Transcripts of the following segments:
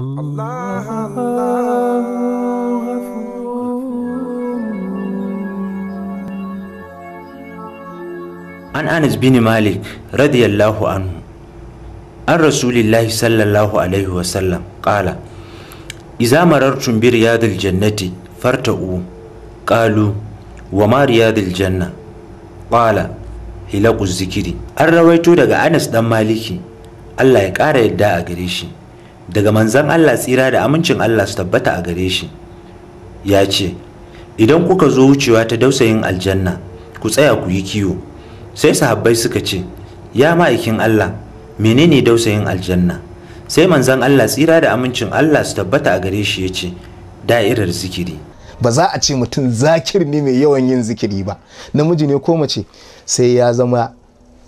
An Anas bin Malik radiyallahu anhu an Rasulillahi sallallahu alaihi wasallam qala إذا مررتم برياض الجنة فارتقوا قالوا وما رياض Janna, قال هلاك Zikiri. an rawaito daga Anas dan Maliki Allah ya ƙara yadda a gare shi daga manzan Allah tsira da amincin Allah su tabbata a gare shi ya ce idan kuka zo wucewa ta dausayin aljanna ku tsaya ku yi kiwo sai sahabbai suka ce ya ma'aikin Allah menene dausayin aljanna sai manzan Allah tsira da amincin Allah su tabbata a gare shi ya ce da'irar zikiri ba za a ce mutum zakir ne mai yawan yin zikiri ba namiji ne ko mace sai ya zama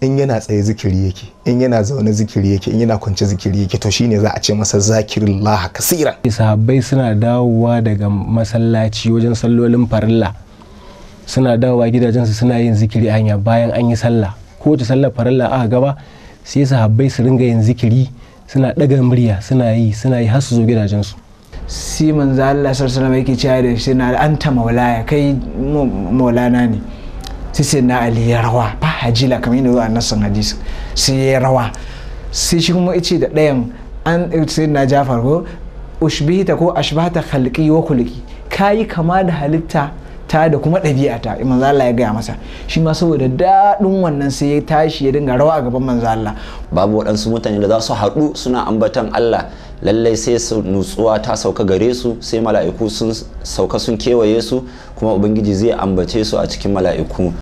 in yana tsaye zikiri yake in yana zaune zikiri yake in yana kwance zikiri yake to shine za a ce masa zakirullah kasira sahabbai suna dawowa daga masallaci wajen sallolin farilla suna dawowa gidajensu suna yin zikiri hanya bayan an yi sallah kowace sallar farilla aka gaba sai sahabbai su ringa yin zikiri suna daga murya suna yi suna yi har su zo gidajensu siman za Allah sallallahu alaihi wasallam cewa da shi na anta maulaya kai maulana ne sai sai na ali ya rawa ba hajila kamar yadda zuwa nassan hadisi sai ya rawa sai shi kuma ice da ɗayan an sai na jafar ko ushbihita ko ashbahata khalqi wa khulqi kayi kama da halitta ta da kuma ɗabi'a ta manzo Allah ya gaya masa shi ma saboda daɗin wannan sai ya tashi ya dinga rawa a gaban manzo Allah babu waɗansu mutane da za su haɗu suna ambatan Allah lallai sai su nutsuwa ta sauka gare su sai mala'iku sun sauka sun kewaye su kuma ubangiji zai ambace su a cikin mala'iku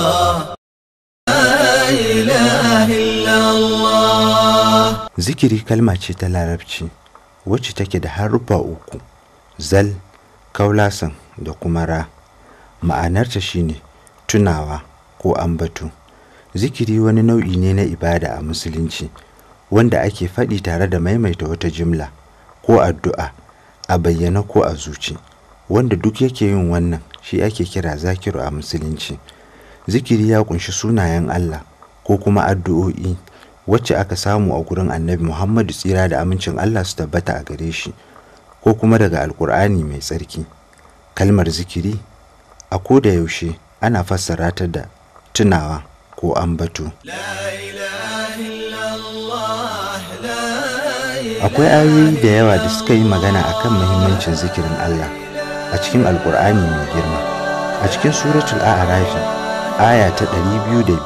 Zikiri kalma ce ta larabci wacce take da haruffa uku, zal, kaulasan da kuma ra. Ma'anarta shine tunawa ko ambatu. Zikiri wani nau'i ne na ibada a musulunci wanda ake faɗi tare da maimaita wata jimla ko addu'a a bayyana ko a zuci. Wanda duk yake yin wannan shi ake kira zakiru a musulunci. Zikiri ya ƙunshi sunayen Allah ko kuma addu'o'i. wacce aka samu a gurin annabi Muhammadu tsira da amincin Allah su tabbata a gare shi ko kuma daga alkur'ani mai tsarki kalmar zikiri a ko da yaushe ana fassara ta da tunawa ko ambato akwai ayoyi da yawa da suka yi magana a kan muhimmancin zikirin Allah a cikin alkur'ani mai girma a cikin suratul a'rafi aya ta 205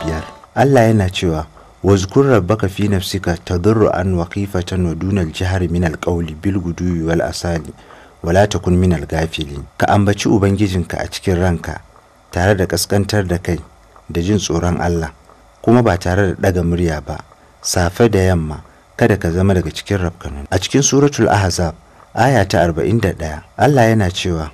Allah yana cewa واذكر ربك في نفسك تضرعا وخيفة ودون الجهر من القول بالغدو kunminar ولا تكن من الغافلين كأنبتي أبنجيجنك أتكر ranka tare da kaskantar da kai da jin tsoron Allah kuma ba tare da daga murya ba safe da yamma kada ka zama daga cikin rafkanun a cikin suratul ahzab aya ta 41 Allah yana cewa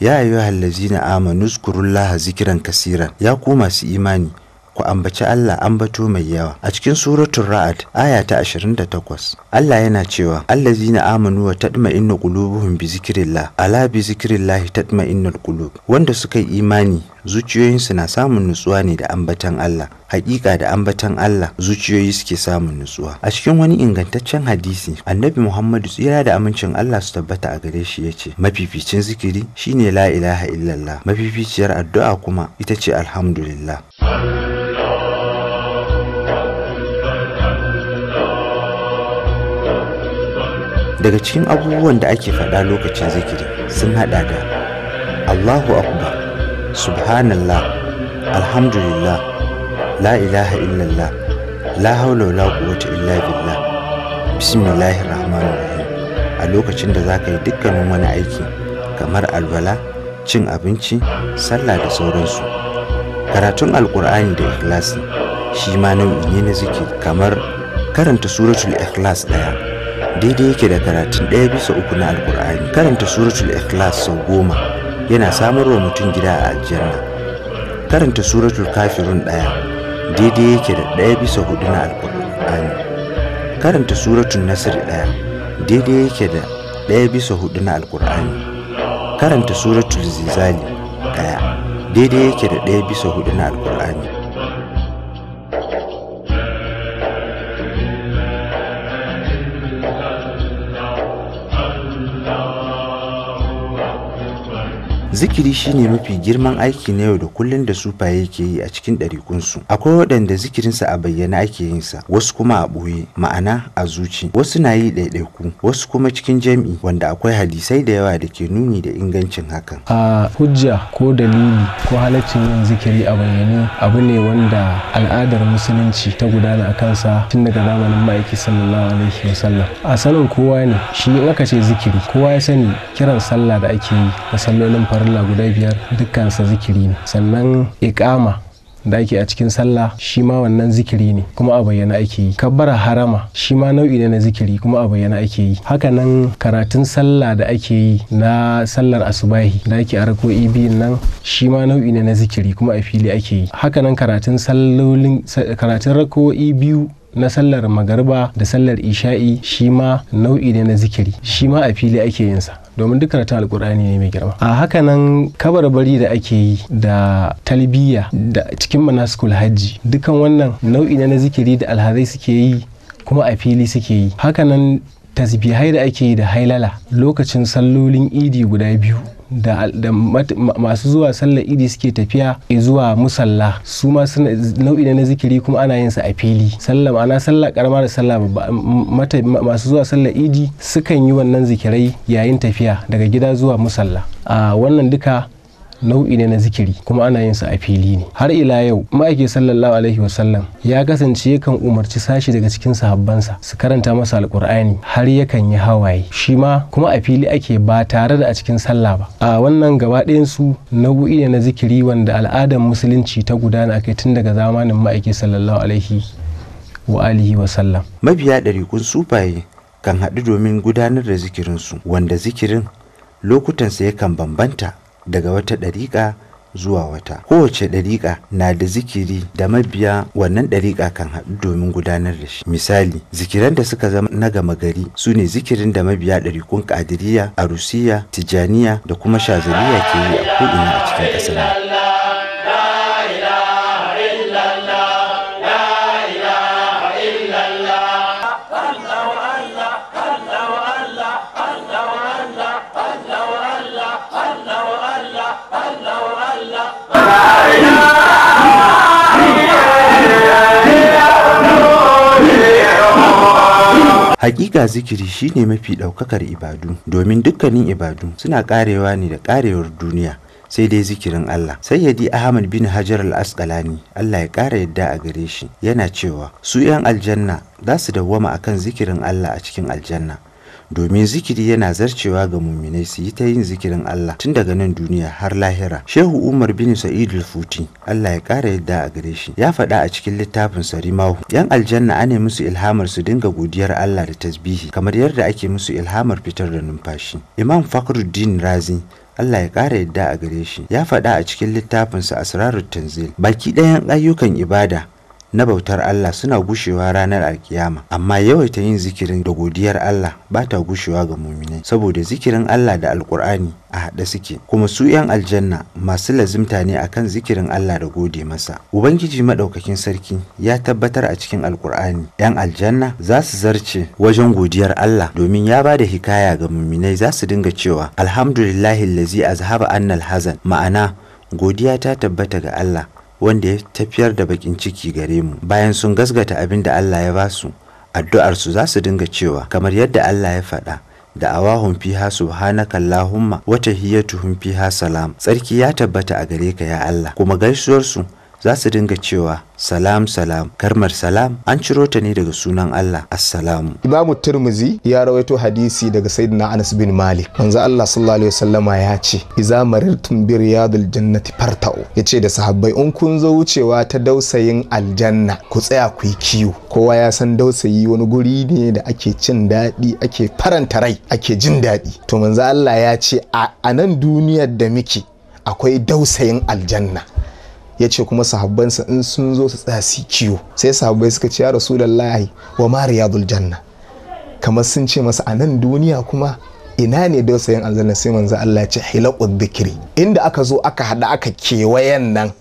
ya ayyuhallazina amanu zkurullaha zikran kasiran ya ku masu imani ku ambaci Allah ambato mai yawa a cikin suratul ra'ad aya ta 28 Allah yana cewa allazina amanu wa tatma'innu qulubuhum bi zikrillah ala bi zikrillah tatma'innul qulub wanda suka yi imani zuciyoyinsu na samun nutsuwa ne da ambatan Allah hakika da ambatan Allah zuciyoyi suke samun nutsuwa a cikin wani ingantaccen hadisi annabi Muhammadu tsira da amincin Allah su tabbata a gare shi yace mafificin zikiri shine la ilaha illallah mafificiyar addu'a kuma ita ce alhamdulillah daga cikin abubuwan da ake faɗa lokacin zikiri sun haɗa da allahu akbar subhanallah alhamdulillah la ilaha illallah la haula la quwwata illa billah bismillahir rahmanir rahim a lokacin da zaka yi dukkanin wani aiki kamar albala, cin abinci sallah da sauransu karatun alkur'ani da ikhlasi shi ma nau'i ne na zikiri kamar karanta suratul ikhlas ɗaya daidai yake da karatun ɗaya bisa uku na alkur'ani karanta suratul ikhlas sau goma yana samar wa mutum gida a aljanna karanta suratul kafirun ɗaya daidai yake da ɗaya bisa hudu na alkur'ani karanta suratul nasir ɗaya daidai yake da ɗaya bisa hudu na alkur'ani karanta suratul zizali ɗaya daidai yake da ɗaya bisa hudu na alkur'ani Zikiri shine mafi girman aiki na yau da kullun da sufaye ke yi a cikin ɗarikunsu. Akwai waɗanda zikirinsa a bayyana ake yin sa, wasu kuma a ɓoye, ma'ana a zuci. Wasu na yi ɗaiɗaiku, wasu kuma cikin jami'i wanda akwai hadisai da yawa da ke nuni da ingancin hakan. A hujja ko dalili ko halaccin yin zikiri a bayyane abu ne wanda al'adar musulunci ta gudana a kansa tun daga zamanin ma'aiki sallallahu alaihi wa sallam A sanin kowa ne shi in aka ce zikiri kowa ya sani kiran sallah da ake yi da sallolin farin sallah guda biyar dukkansa zikiri ne sannan iƙama da ake a cikin sallah shi ma wannan zikiri ne kuma a bayyana ake yi kabbara harama shi ma nau'i ne na zikiri kuma a bayyana ake yi hakanan karatun sallah da ake yi na sallar asubahi da ake arko biyun nan shi ma nau'i ne na zikiri kuma a fili ake yi hakanan karatun sallolin karatun rako'i biyu na sallar magarba da sallar isha'i shi ma nau'i ne na zikiri shi ma a fili ake yin sa domin duk karatun alkur'ani ne mai girma a hakanan kabarbari da ake yi da talbiya da cikin manaskul hajji dukan wannan nau'i ne na zikiri da alhazai suke yi kuma a fili suke yi hakanan tasbihai da ake yi da hailala lokacin sallolin idi guda biyu da, masu zuwa sallar idi suke tafiya e zuwa musalla su ma suna nau'i na zikiri kuma ana yin sa a fili sallah ma'ana sallar karama da sallah mata, masu zuwa sallar idi sukan yi wannan zikirai yayin tafiya daga gida zuwa musalla a wannan duka nau'i ne na zikiri kuma ana yin sa a fili ne har ila yau ma'aiki sallallahu alaihi wa sallam ya kasance yakan umarci sashi daga cikin sahabbansa su karanta masa alkur'ani har yakan yi hawaye shi ma kuma a fili ake ba tare da a cikin sallah ba a wannan gaba su nau'i ne na zikiri wanda al'adar musulunci ta gudana akai tun daga zamanin ma'aiki sallallahu alaihi wa alihi wa sallam mabiya ɗarikun sufaye kan haɗu domin gudanar da zikirinsu wanda zikirin lokutansa yakan bambanta daga wata ɗariƙa zuwa wata kowace ɗariƙa na da zikiri da mabiya wannan ɗariƙa kan haɗu domin gudanar da shi misali zikiran da suka zama na gama gari su ne zikirin da mabiya ɗarikun ƙadiriya arusiya tijaniya da kuma shazaliya ke yi a ko'ina a cikin ƙasar nan. Hakika zikiri shine mafi ɗaukakar ibadu, domin dukkanin ibadu suna karewa ne da karewar duniya. sai dai zikirin Allah. Sayyidi Ahmad bin Hajar al-Asqalani, Allah ya ƙara yadda a gare shi, yana cewa su 'yan aljanna za su dawwama akan zikirin Allah a cikin aljanna. domin zikiri yana zarcewa ga muminai su yi ta yin zikirin Allah tun daga nan duniya har lahira Shehu Umar bin Sa'idul futi Allah ya ƙara yadda a gare shi ya faɗa a cikin littafin Sarimahu yan aljanna ne musu ilhamar su dinga godiyar Allah da tasbihi kamar yadda ake musu ilhamar fitar da numfashi Imam Fakhruddin Razi Allah ya ƙara yadda a gare shi ya faɗa a cikin littafinsa Asrarut Tanzil baki ɗayan ayyukan ibada na bautar Allah suna gushewa ranar alkiyama amma yawaita yin zikirin da godiyar Allah ba ta gushewa ga muminai saboda zikirin Allah da alkur'ani a haɗe suke kuma su 'yan aljanna masu lazimta ne akan zikirin Allah da gode masa ubangiji maɗaukakin sarki ya tabbatar a cikin alkur'ani 'yan aljanna za su zarce wajen godiyar Allah domin ya ba da hikaya ga muminai za su dinga cewa alhamdulillahi lazi azhaba annal hazan ma'ana godiya ta tabbata ga Allah wanda ya tafiyar da bakin ciki gare mu bayan sun gasgata abin da Allah ya basu addu'arsu za su dinga cewa kamar yadda Allah ya faɗa da awahun fiha subhanaka allahumma wa tahiyyatuhum fiha salam tsarki ya tabbata a gare ka ya Allah kuma gaisuwarsu za su dinga cewa salam salam karmar salam an ciro ta ne daga sunan Allah assalamu Imamu Tirmizi ya rawaito hadisi daga Sayyidina Anas bin Malik manzo Allah sallallahu alaihi wasallama ya ce iza marirtum bi riyadul jannati farta'u yace da sahabbai in kun zo wucewa ta dausayin aljanna ku tsaya ku yi kiyo kowa ya san dausayi wani guri ne da ake cin daɗi ake faranta rai ake jin daɗi to manzo Allah ya ce a nan duniyar da muke akwai dausayin aljanna ya ce kuma sahabbansa in sun zo su tsaya su sai sahabbai suka ce ya rasu lallahi wa ma riyadul janna kamar sun ce masa a nan duniya kuma ina ne da sayan aljanna sai manzo Allah ya ce hilaqud dhikri inda aka zo aka hada aka kewayen nan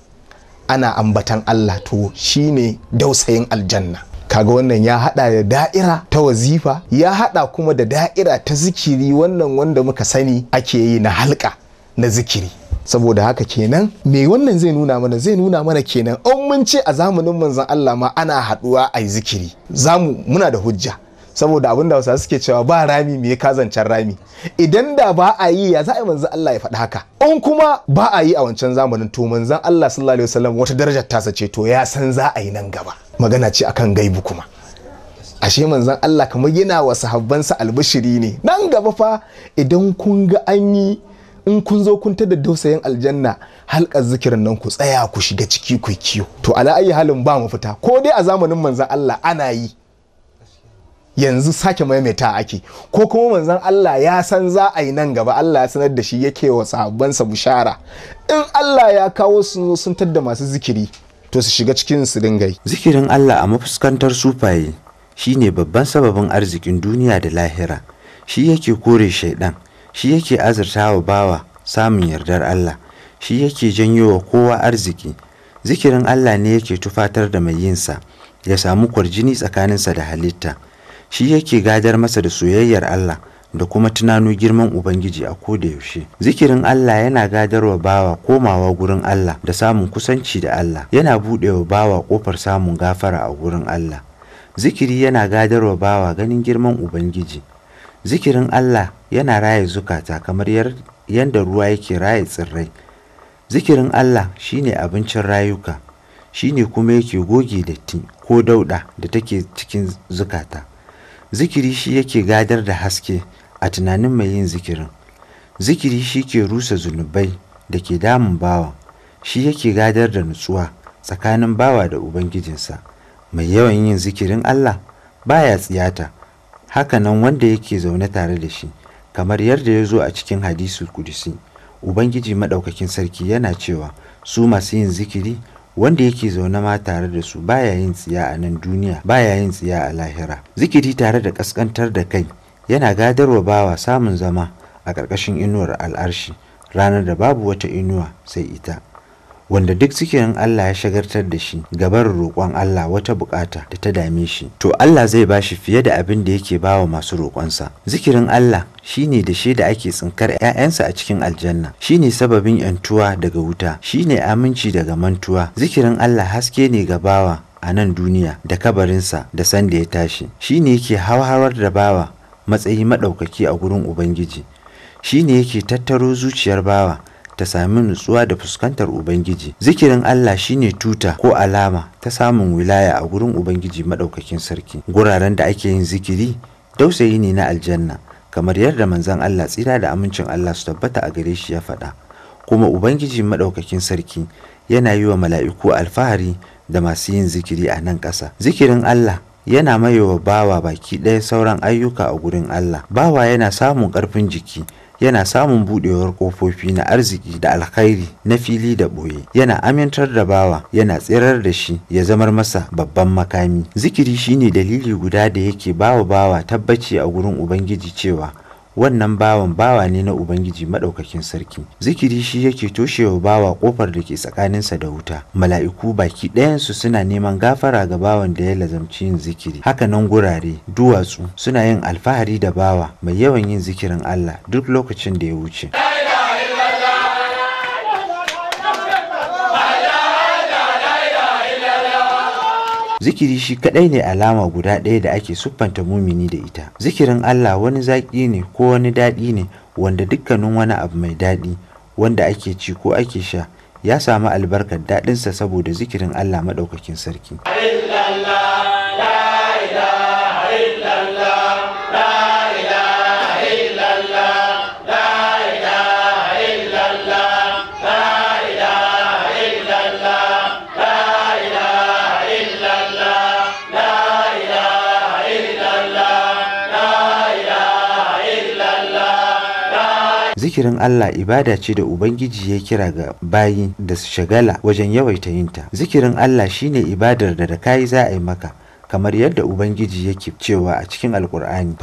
ana ambatan Allah to shine dausayin aljanna kaga wannan ya hada da da'ira ta wazifa ya hada kuma da da'ira ta zikiri wannan wanda muka sani ake yi na halka na zikiri saboda haka kenan me wannan zai nuna mana zai nuna mana kenan an mun ce a zamanin manzon Allah ma ana haduwa a yi zikiri zamu muna da hujja saboda abin da wasu suke cewa ba rami me ya kazancan rami idan da ba a yi ya za a yi manzon Allah ya faɗi haka in kuma ba a yi a wancan zamanin to manzon Allah sallallahu alaihi wasallam wata darajar ta ce to ya san za a yi nan gaba magana ce akan gaibu kuma ashe manzon Allah kamar yana wa sahabbansa albishiri ne nan gaba fa idan kun ga an yi in kun zo kun ta da dausayin aljanna halkar zikirin nan ku tsaya ku shiga ciki ku kiyo to ala ayi halin ba mu fita ko dai a zamanin manzon Allah ana yi yanzu sake maimaita ake ko kuma manzon Allah ya san za a yi nan gaba Allah ya sanar da shi yake wa sahabbansa bushara in Allah ya kawo su sun tadda masu zikiri to su shiga cikin su dingai zikirin Allah a mafuskantar sufaye shine babban sababin arzikin duniya da lahira shi yake kore shaidan shi yake azurta wa bawa samun yardar Allah shi yake janyowa kowa arziki zikirin Allah ne yake tufatar da mai yinsa ya samu kwarjini tsakaninsa da halitta shi yake gadar masa da soyayyar Allah da kuma tunano girman Ubangiji a koda yaushe. Zikirin Allah yana gadar wa bawa komawa gurin Allah da samun kusanci da Allah, yana buɗewa bawa ƙofar samun gafara a gurin Allah. Zikiri yana gadarwa bawa ganin girman Ubangiji. zikirin Allah yana raya zukata kamar yadda ruwa yake raya tsirrai zikirin Allah shine abincin rayuka shine kuma yake goge datti ko dauda da take cikin zukata zikiri shi yake gadar da haske a tunanin mai yin zikirin zikiri shi ke rusa zunubai da ke damun bawa shi yake gadar da nutsuwa tsakanin bawa da ubangijinsa mai yawan yin zikirin Allah baya tsiyata haka nan wanda yake zaune tare da shi kamar yadda ya zo a cikin hadisul kudisi ubangiji maɗaukakin sarki yana cewa su masu yin zikiri wanda yake zaune ma tare da su baya yin tsiya a nan duniya baya yin tsiya a lahira zikiri tare da ƙasƙantar da kai yana gadarwa bawa samun zama a ƙarƙashin inuwar al'arshi ranar da babu wata inuwa sai ita wanda duk zikirin Allah ya shagartar da shi gabar roƙon Allah wata bukata da ta dame shi to Allah zai ba shi fiye da abin da yake bawa masu roƙonsa zikirin Allah shine da shi da ake tsinkar 'ya'yansa a cikin aljanna shine sababin 'yantuwa daga wuta shine aminci daga mantuwa zikirin Allah haske ne ga bawa a nan duniya da kabarinsa da sanda ya tashi shine yake hawar da bawa matsayi maɗaukaki a gurin ubangiji shine yake tattaro zuciyar bawa ta sami nutsuwa da fuskantar ubangiji zikirin Allah shine tuta ko alama ta samun wilaya a gurin ubangiji maɗaukakin sarki guraren da ake yin zikiri dausayi ne na aljanna kamar yadda manzan Allah tsira da amincin Allah su tabbata a gare shi ya faɗa kuma ubangiji maɗaukakin sarki yana yi wa mala'iku alfahari da masu yin zikiri a nan ƙasa zikirin Allah yana mayewa bawa baki ɗaya sauran ayyuka a gurin Allah bawa yana samun ƙarfin jiki yana samun budewar kofofi na arziki da alkhairi na fili da ɓoye yana amintar da bawa yana tsirar da shi ya zamar masa babban makami zikiri shine dalili guda da yake bawa bawa tabbaci a gurin ubangiji cewa wannan bawan bawa ne na ubangiji madaukakin sarki zikiri shi yake toshewa bawa ƙofar da ke tsakaninsa da wuta mala'iku baki ɗayansu suna neman gafara ga bawan da ya lazamci yin zikiri Haka nan gurare duwatsu suna yin alfahari da bawa mai yawan yin zikirin allah duk lokacin da ya wuce zikiri shi kadai ne alama guda ɗaya da ake siffanta mumini da ita zikirin Allah wani zaƙi ne ko wani daɗi ne wanda dukkanin wani abu mai daɗi wanda ake ci ko ake sha ya samu albarkar daɗinsa saboda zikirin Allah maɗaukakin sarki. zikirin Allah ibada ce da Ubangiji ya kira ga bayi da su shagala wajen yawaita yinta. Zikirin Allah shine ibadar da da kayi za a yi maka, kamar yadda Ubangiji yake cewa a cikin Alkur'ani,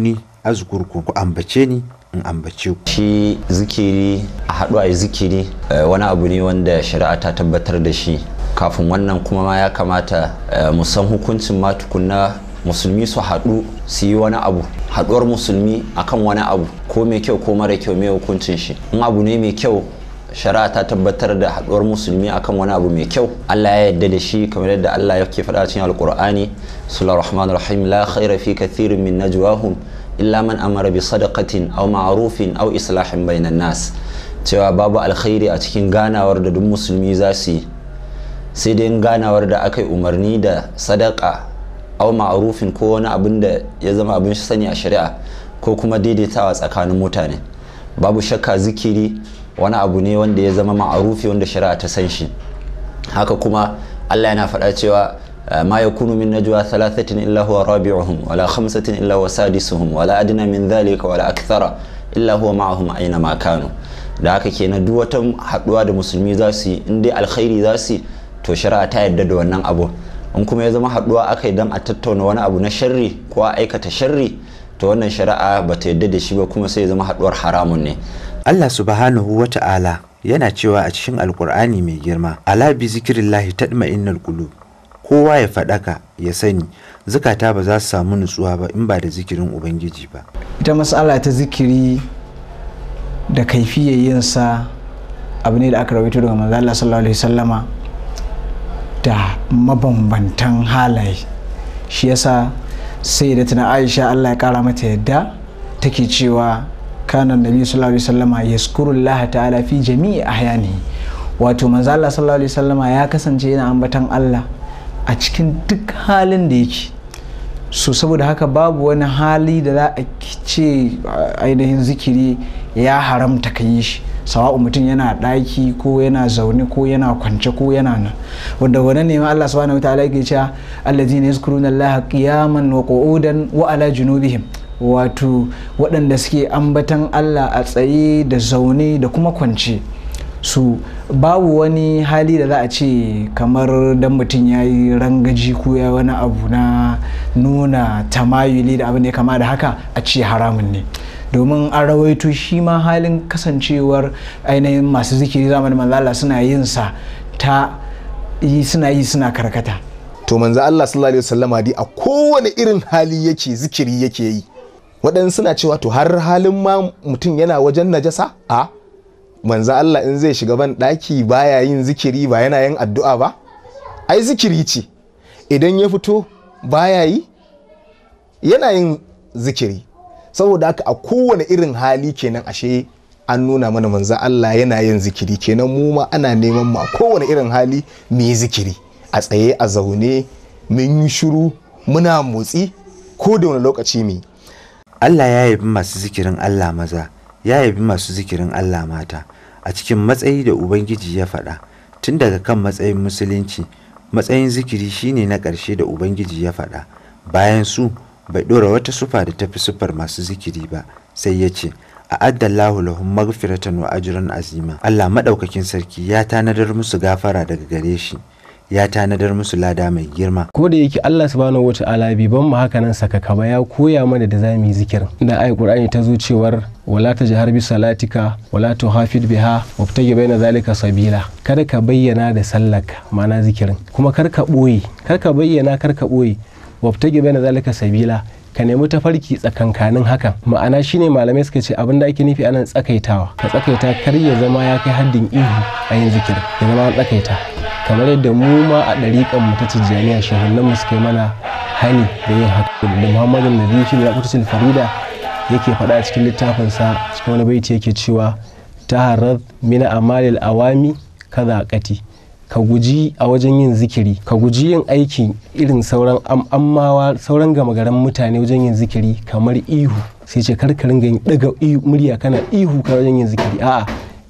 ni, azkurku ku ambace ni in ambace ku. Shi zikiri a haɗu a zikiri eh, wani abu ne wanda shari'a ta tabbatar da shi. Kafin wannan kuma ma ya kamata eh, mu san hukuncin ma tukunna musulmi su haɗu su yi wani abu haɗuwar musulmi akan wani abu ko mai kyau ko mara kyau mai hukuncin shi in abu ne mai kyau shari'a ta tabbatar da haɗuwar musulmi akan wani abu mai kyau Allah ya yarda da shi kamar yadda Allah ya ke faɗa cikin alkur'ani sallallahu rahman rahim la khaira fi kathirin min najwahum illa man amara bi sadaqatin aw ma'rufin aw islahin bainan nas cewa babu alkhairi a cikin ganawar da duk musulmi za su yi sai dai ganawar da aka yi umarni da sadaka au ma'arufin ko wani abin da ya zama abin sani a shari'a ko kuma daidaitawa tsakanin mutane babu shakka zikiri wani abu ne wanda ya zama ma'arufi wanda shari'a ta san shi haka kuma Allah yana faɗa cewa ah, ma yakunu min najwa thalathatin illa huwa rabi'uhum wala khamsatin illa huwa sadisuhum wala adna min dhalika wala akthara illa huwa ma'ahum aina ma kanu da haka kenan duk wata haɗuwa da musulmi za su yi in dai alkhairi za su yi to shari'a ta yarda da wannan abu in kuma ya zama haduwa aka yi a tattauna wani abu na sharri ko a aikata sharri to wannan shari'a ba ta yadda da shi ba kuma sai ya zama haduwar haramun ne Allah subhanahu wa ta'ala yana cewa a cikin alkur'ani mai girma ala bi zikirillahi tadma'innal qulub kowa ya faɗaka ya sani zukata ba za su samu nutsuwa ba in ba da zikirin ubangiji ba ita matsala ta zikiri da kaifiyayyinsa yinsa abu ne da aka rawaito daga manzo Allah sallallahu alaihi wasallama da mabambantan halaye shi yasa sai da tana aisha allah ya kara mata yadda take cewa kanan nabi sallallahu alaihi wasallama yaskurullah ta'ala fi jami'i ne wato manzo Allah sallallahu alaihi wasallama ya kasance yana ambatan Allah a cikin duk halin da yake so saboda haka babu wani hali da za a ce ainihin zikiri ya haramta kai shi sawa'un mutum yana ɗaki ko yana zaune ko yana kwance ko yana nan wanda wani ne ma Allah subhanahu wataala yake cewa allazina yazkuruna Allah qiyaman wa qu'udan wa ala junubihim wato waɗanda suke ambatan Allah a tsaye da zaune da kuma kwance su babu wani hali da za a ce kamar dan mutum ya yi rangaji ko ya wani abu na nuna tamayuli da abin da ya kama da haka a ce haramun ne domin an rawaito shi ma halin kasancewar ainihin masu zikiri zamani manzala suna yin sa ta yi suna yi suna karkata to manzo Allah sallallahu alaihi wasallama dai a kowane irin hali yake zikiri yake yi waɗansu suna cewa to har halin ma mutum yana wajen najasa a manzo Allah in zai shiga ban ɗaki baya yin zikiri ba yana yin addu'a ba ai zikiri ce idan ya fito baya yi yana yin zikiri saboda haka a kowane irin hali kenan ashe an nuna mana manzan Allah yana yin zikiri kenan mu ma ana neman mu a kowane irin hali mu yi zikiri a tsaye a zaune mun yi shiru muna motsi ko da wani lokaci mu Allah ya yabi masu zikirin Allah maza ya yabi masu zikirin Allah mata a cikin matsayi da ubangiji ya faɗa tun daga kan matsayin musulunci matsayin zikiri shine na ƙarshe da ubangiji ya faɗa bayan su bai ɗora wata sufa da tafi sufar masu zikiri ba sai ya ce a'addallahu lahu, maghfiratan wa ajran azima Allah madaukakin sarki ya tanadar musu gafara daga gare shi ya tanadar musu lada mai girma ko da yake Allah subhanahu wataala alabi ban mu haka nan saka kaba ya koya mana da zamu yi zikirin da ayi Qur'ani ta zo cewar wala tajhar bi salatika wala tuhafid biha wabtagi baina zalika sabila kada ka bayyana da sallaka ma'ana zikirin kuma kar ka boye kar ka bayyana kar ka ɓoye. wabtage bai na zalika sabila ka nemi tafarki tsakankanin hakan ma'ana shine malamai suka ce abin da ake nufi anan tsakaitawa ka tsakaita kar ya zama ya kai haddin ihu a yin zikir ya zama tsakaita kamar yadda mu ma a ɗariƙan mu ta tijjaniya shehunan mu suka yi mana hani da yin haka da muhammadu nazifi da kutusul farida yake faɗa a cikin littafinsa cikin wani baiti yake cewa ta taharar mina amalil awami kaza kati ka guji a wajen yin zikiri ka guji yin aiki irin sauran ammawa sauran gama garan mutane wajen yin zikiri kamar ihu sai ce kar ka daga murya kana ihu ka wajen yin zikiri a'a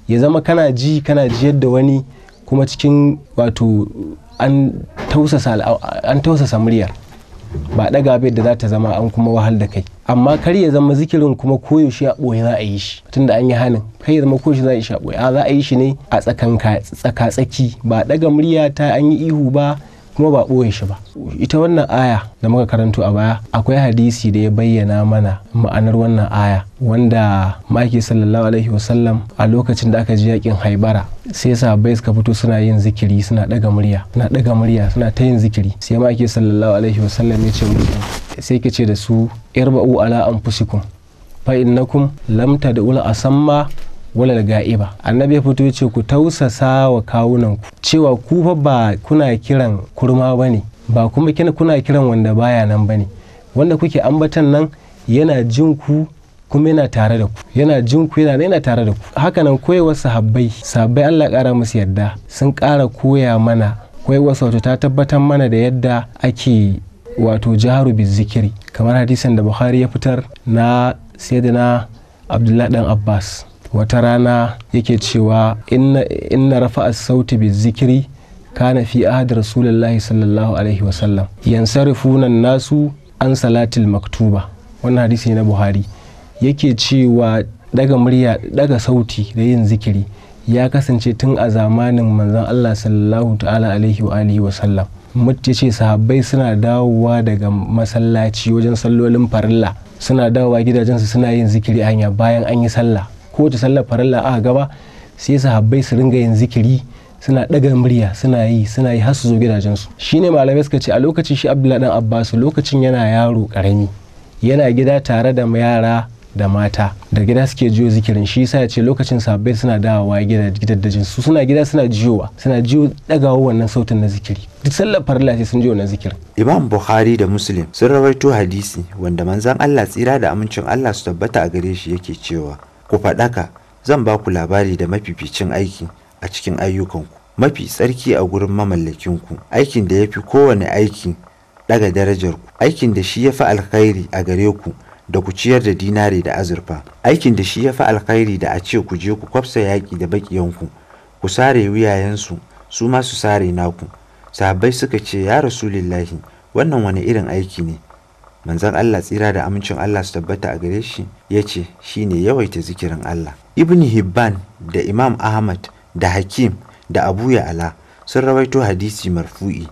ya zama kana ji kana ji yadda wani kuma cikin wato an tausasa muryar ba daga bai da za ta zama an kuma wahal da kai amma kar ya zama zikirin kuma koyaushe a ɓoye za a yi shi tunda an yi hanin kar ya zama koyaushe za a yi shi a ɓoye a za a yi shi ne a tsaka tsaki ba daga murya ta an yi ihu ba kuma ba ɓoye shi ba ita wannan aya da muka karanto a baya akwai hadisi da ya bayyana mana ma'anar wannan aya wanda maki sallallahu alaihi wasallam a lokacin da aka ji yakin haibara sai sabai suka fito suna yin zikiri suna daga murya suna daga murya suna ta yin zikiri sai maki sallallahu alaihi wasallam ya ce sai ka ce da su irba'u ala anfusikum fa innakum lam a asamma walal ga'iba annabi ya fito ce ku tausasa wa kawunan ku cewa ku fa ba kuna kiran kurma ba ne ba kuma kina kuna kiran wanda baya nan ba ne wanda kuke ambatan nan yana jin ku kuma yana tare da ku yana jin ku yana yana tare da ku hakanan wasu sahabbai sabbai Allah kara musu yadda sun kara koya mana wasu wato ta tabbatar mana da yadda ake wato jaharu bi zikiri kamar hadisan da buhari ya fitar na sayyidina Abdullahi dan Abbas wata rana yake cewa inna rafa sauti bi zikiri kana fi ahad rasulullahi sallallahu alaihi wasallam nasu an salatil maktuba wannan hadisi na buhari yake cewa daga murya daga sauti da yin zikiri ya kasance tun a zamanin manzon Allah sallallahu ta'ala alaihi wa alihi wa sallam mutu ce sahabbai suna dawowa daga masallaci wajen sallolin farilla suna dawowa gidajensu suna yin zikiri hanya bayan an yi sallah kowace sallar farilla aka gaba sai sahabbai su ringa yin zikiri suna daga murya suna yi suna yi har su zo gidajensu shine malamai suka ce a lokacin shi abdullahi dan abbas lokacin yana yaro karami yana gida tare da yara da mata da gida suke jiyo zikirin shi yasa ya ce lokacin sabbai suna dawowa gidaddajin su suna gida suna jiyowa suna jiyo wannan sautin na zikiri duk sallar farilla sai sun ji na zikirin imam bukhari da muslim sun rawaito hadisi wanda manzon allah tsira da amincin allah su tabbata a gare shi yake cewa ku faɗaka zan ba ku labari da mafificin aiki a cikin ayyukanku mafi tsarki a gurin mamallakinku aikin da ya fi kowane aiki ɗaga ku. aikin da shi ya fi alkhairi a gare ku da ku ciyar da dinare da azurfa aikin da shi ya fi alkhairi da a ce ku je ku kwafsa yaƙi da baƙiyanku ku sare wuyayensu su ma su sare naku sahabbai suka ce ya rasulillahi wannan wani irin aiki ne manzon Allah tsira da amincin Allah su tabbata a gare shi ya ce shi ne yawaita zikirin Allah ibn Hibban da Imam Ahmad da Hakim da Abu Ya'ala sun rawaito hadisi marfu'i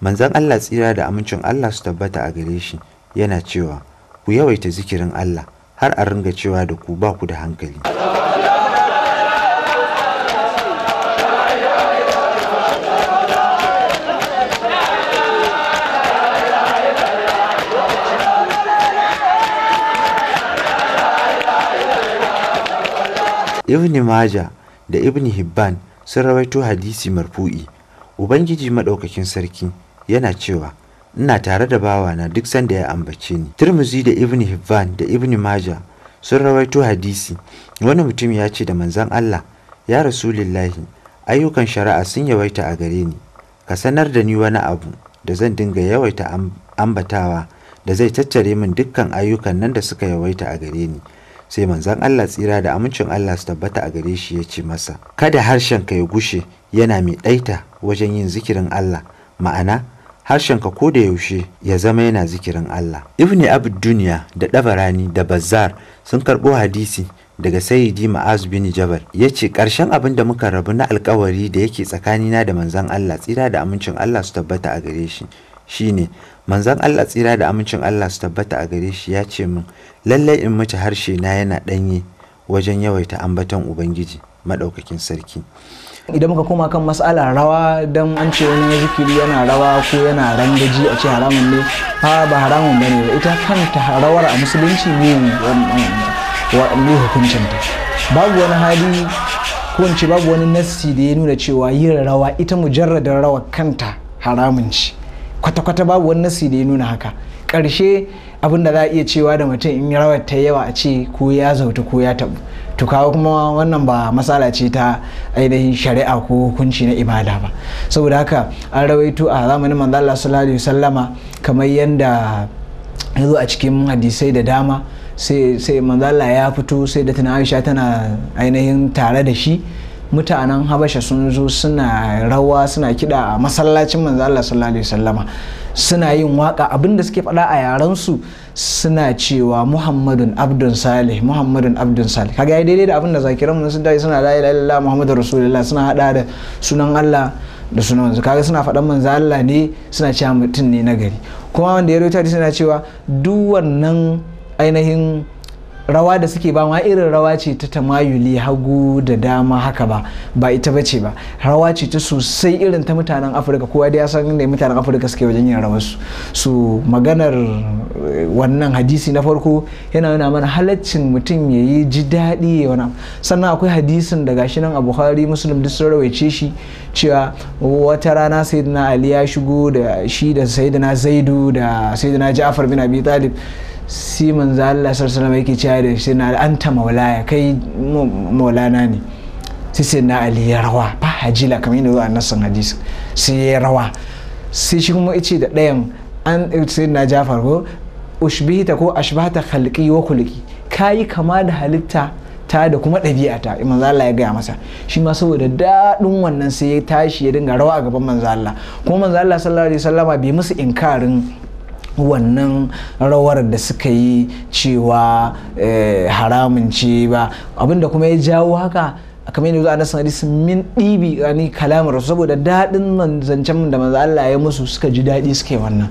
manzon Allah tsira da amincin Allah su tabbata a gare shi yana cewa ku yawaita zikirin Allah har a ringa cewa da ku ba ku da hankali ibn maja da ibn hibban sun rawaito hadisi marfu'i ubangiji maɗaukakin sarki yana cewa ina tare da bawana duk sanda ya ambace ni turmuzi da ibn hibban da ibn maja sun rawaito hadisi wani mutum ya ce da Manzon allah ya rasulillahi ayyukan shari'a sun yawaita a gare ni ka sanar da ni wani abu da zan dinga yawaita ambatawa da zai tattare min dukkan ayyukan nan da suka yawaita a gare ni sai Manzan Allah tsira da amincin Allah su tabbata a gare shi ya ce masa kada harshen ka ya gushe yana mai ɗaita wajen yin zikirin Allah ma'ana harshen ka ko da yaushe ya zama yana zikirin Allah. Ibni Abd da Dabarani da Bazzar sun karɓo hadisi daga Sayyidi Ma'az bin Jabal ya ce ƙarshen abin da muka rabu na alkawari da yake tsakanina da Manzan Allah tsira da amincin Allah su tabbata a gare shi shine manzon Allah tsira da amincin Allah su tabbata a gare shi ya ce min lallai in mace harshe na yana danye wajen yawaita ambaton ubangiji madaukakin sarki idan muka koma kan matsala rawa don an ce wani zikiri yana rawa ko yana rangaji a ce haramun ne ha ba haramun bane ba ita kanta rawar a musulunci ne ne hukuncinta babu wani hali ko babu wani nassi da ya nuna cewa yin rawa ita mujarradin rawa kanta haramun ce kwata-kwata babu wani nasi da ya nuna haka ƙarshe abin da za a iya cewa da mutum in rawar ta yawa a ce ko ya zautu ko ya tabu to kawo kuma wannan ba matsala ce ta ainihin shari'a ko hukunci na ibada ba saboda haka an rawaito a zamanin manzo Allah sallallahu alaihi wasallama kamar yanda ya zo a cikin hadisai da dama sai manzo Allah ya fito sai da tana Aisha tana ainihin tare da shi mutanen habasha sun zo suna rawa suna kiɗa a masallacin manzo Allah sallallahu alaihi wasallama suna yin waka abinda suke faɗa a yarensu suna cewa muhammadun abdun salih muhammadun abdun salih kaga yi daidai da abinda zakiran mun sun dai suna la ilaha illallah muhammadur rasulullah suna hada da sunan Allah da sunan wanzu kaga suna faɗan manzo Allah ne suna cewa mutum ne na gari kuma wanda ya rawaita suna cewa duk wannan ainihin rawa da suke ba ma irin rawa ce ta tamayuli hagu da dama haka ba ba ita ba ce ba rawa ce ta sosai irin ta mutanen afirka kowa da ya san ne mutanen afirka suke wajen yin rawar su maganar eh, wannan hadisi na farko yana nuna mana halaccin mutum ya yi ji daɗi ya wani sannan akwai hadisin da gashi nan a buhari muslim duk sun rawaice shi cewa wata rana sayyidina ali ya shigo da shi da saidina zaidu da saidina ja'far bin abi talib sai manzo Allah sallallahu alaihi yake cewa da shi na anta maulaya kai maulana ne sai sai na ali ya rawa ba hajila kamar yadda zuwa nasan hadisi sai ya rawa sai shi kuma ice da ɗayan an sai na jafar ko ushbihita ko ashbahata khalqi wa khulqi kayi kama da halitta ta da kuma ɗabi'ata manzo Allah ya gaya masa shi ma saboda daɗin wannan sai ya tashi ya dinga rawa a gaban manzo Allah kuma manzo Allah sallallahu alaihi wasallama bai musu inkarin wannan rawar da suka yi cewa eh, haramun ce ba abinda kuma ya jawo haka kamar yadda a nasan hadisin min ɗibi ni kalamar saboda daɗin nan zancen da manzo Allah ya musu suka ji daɗi suke wannan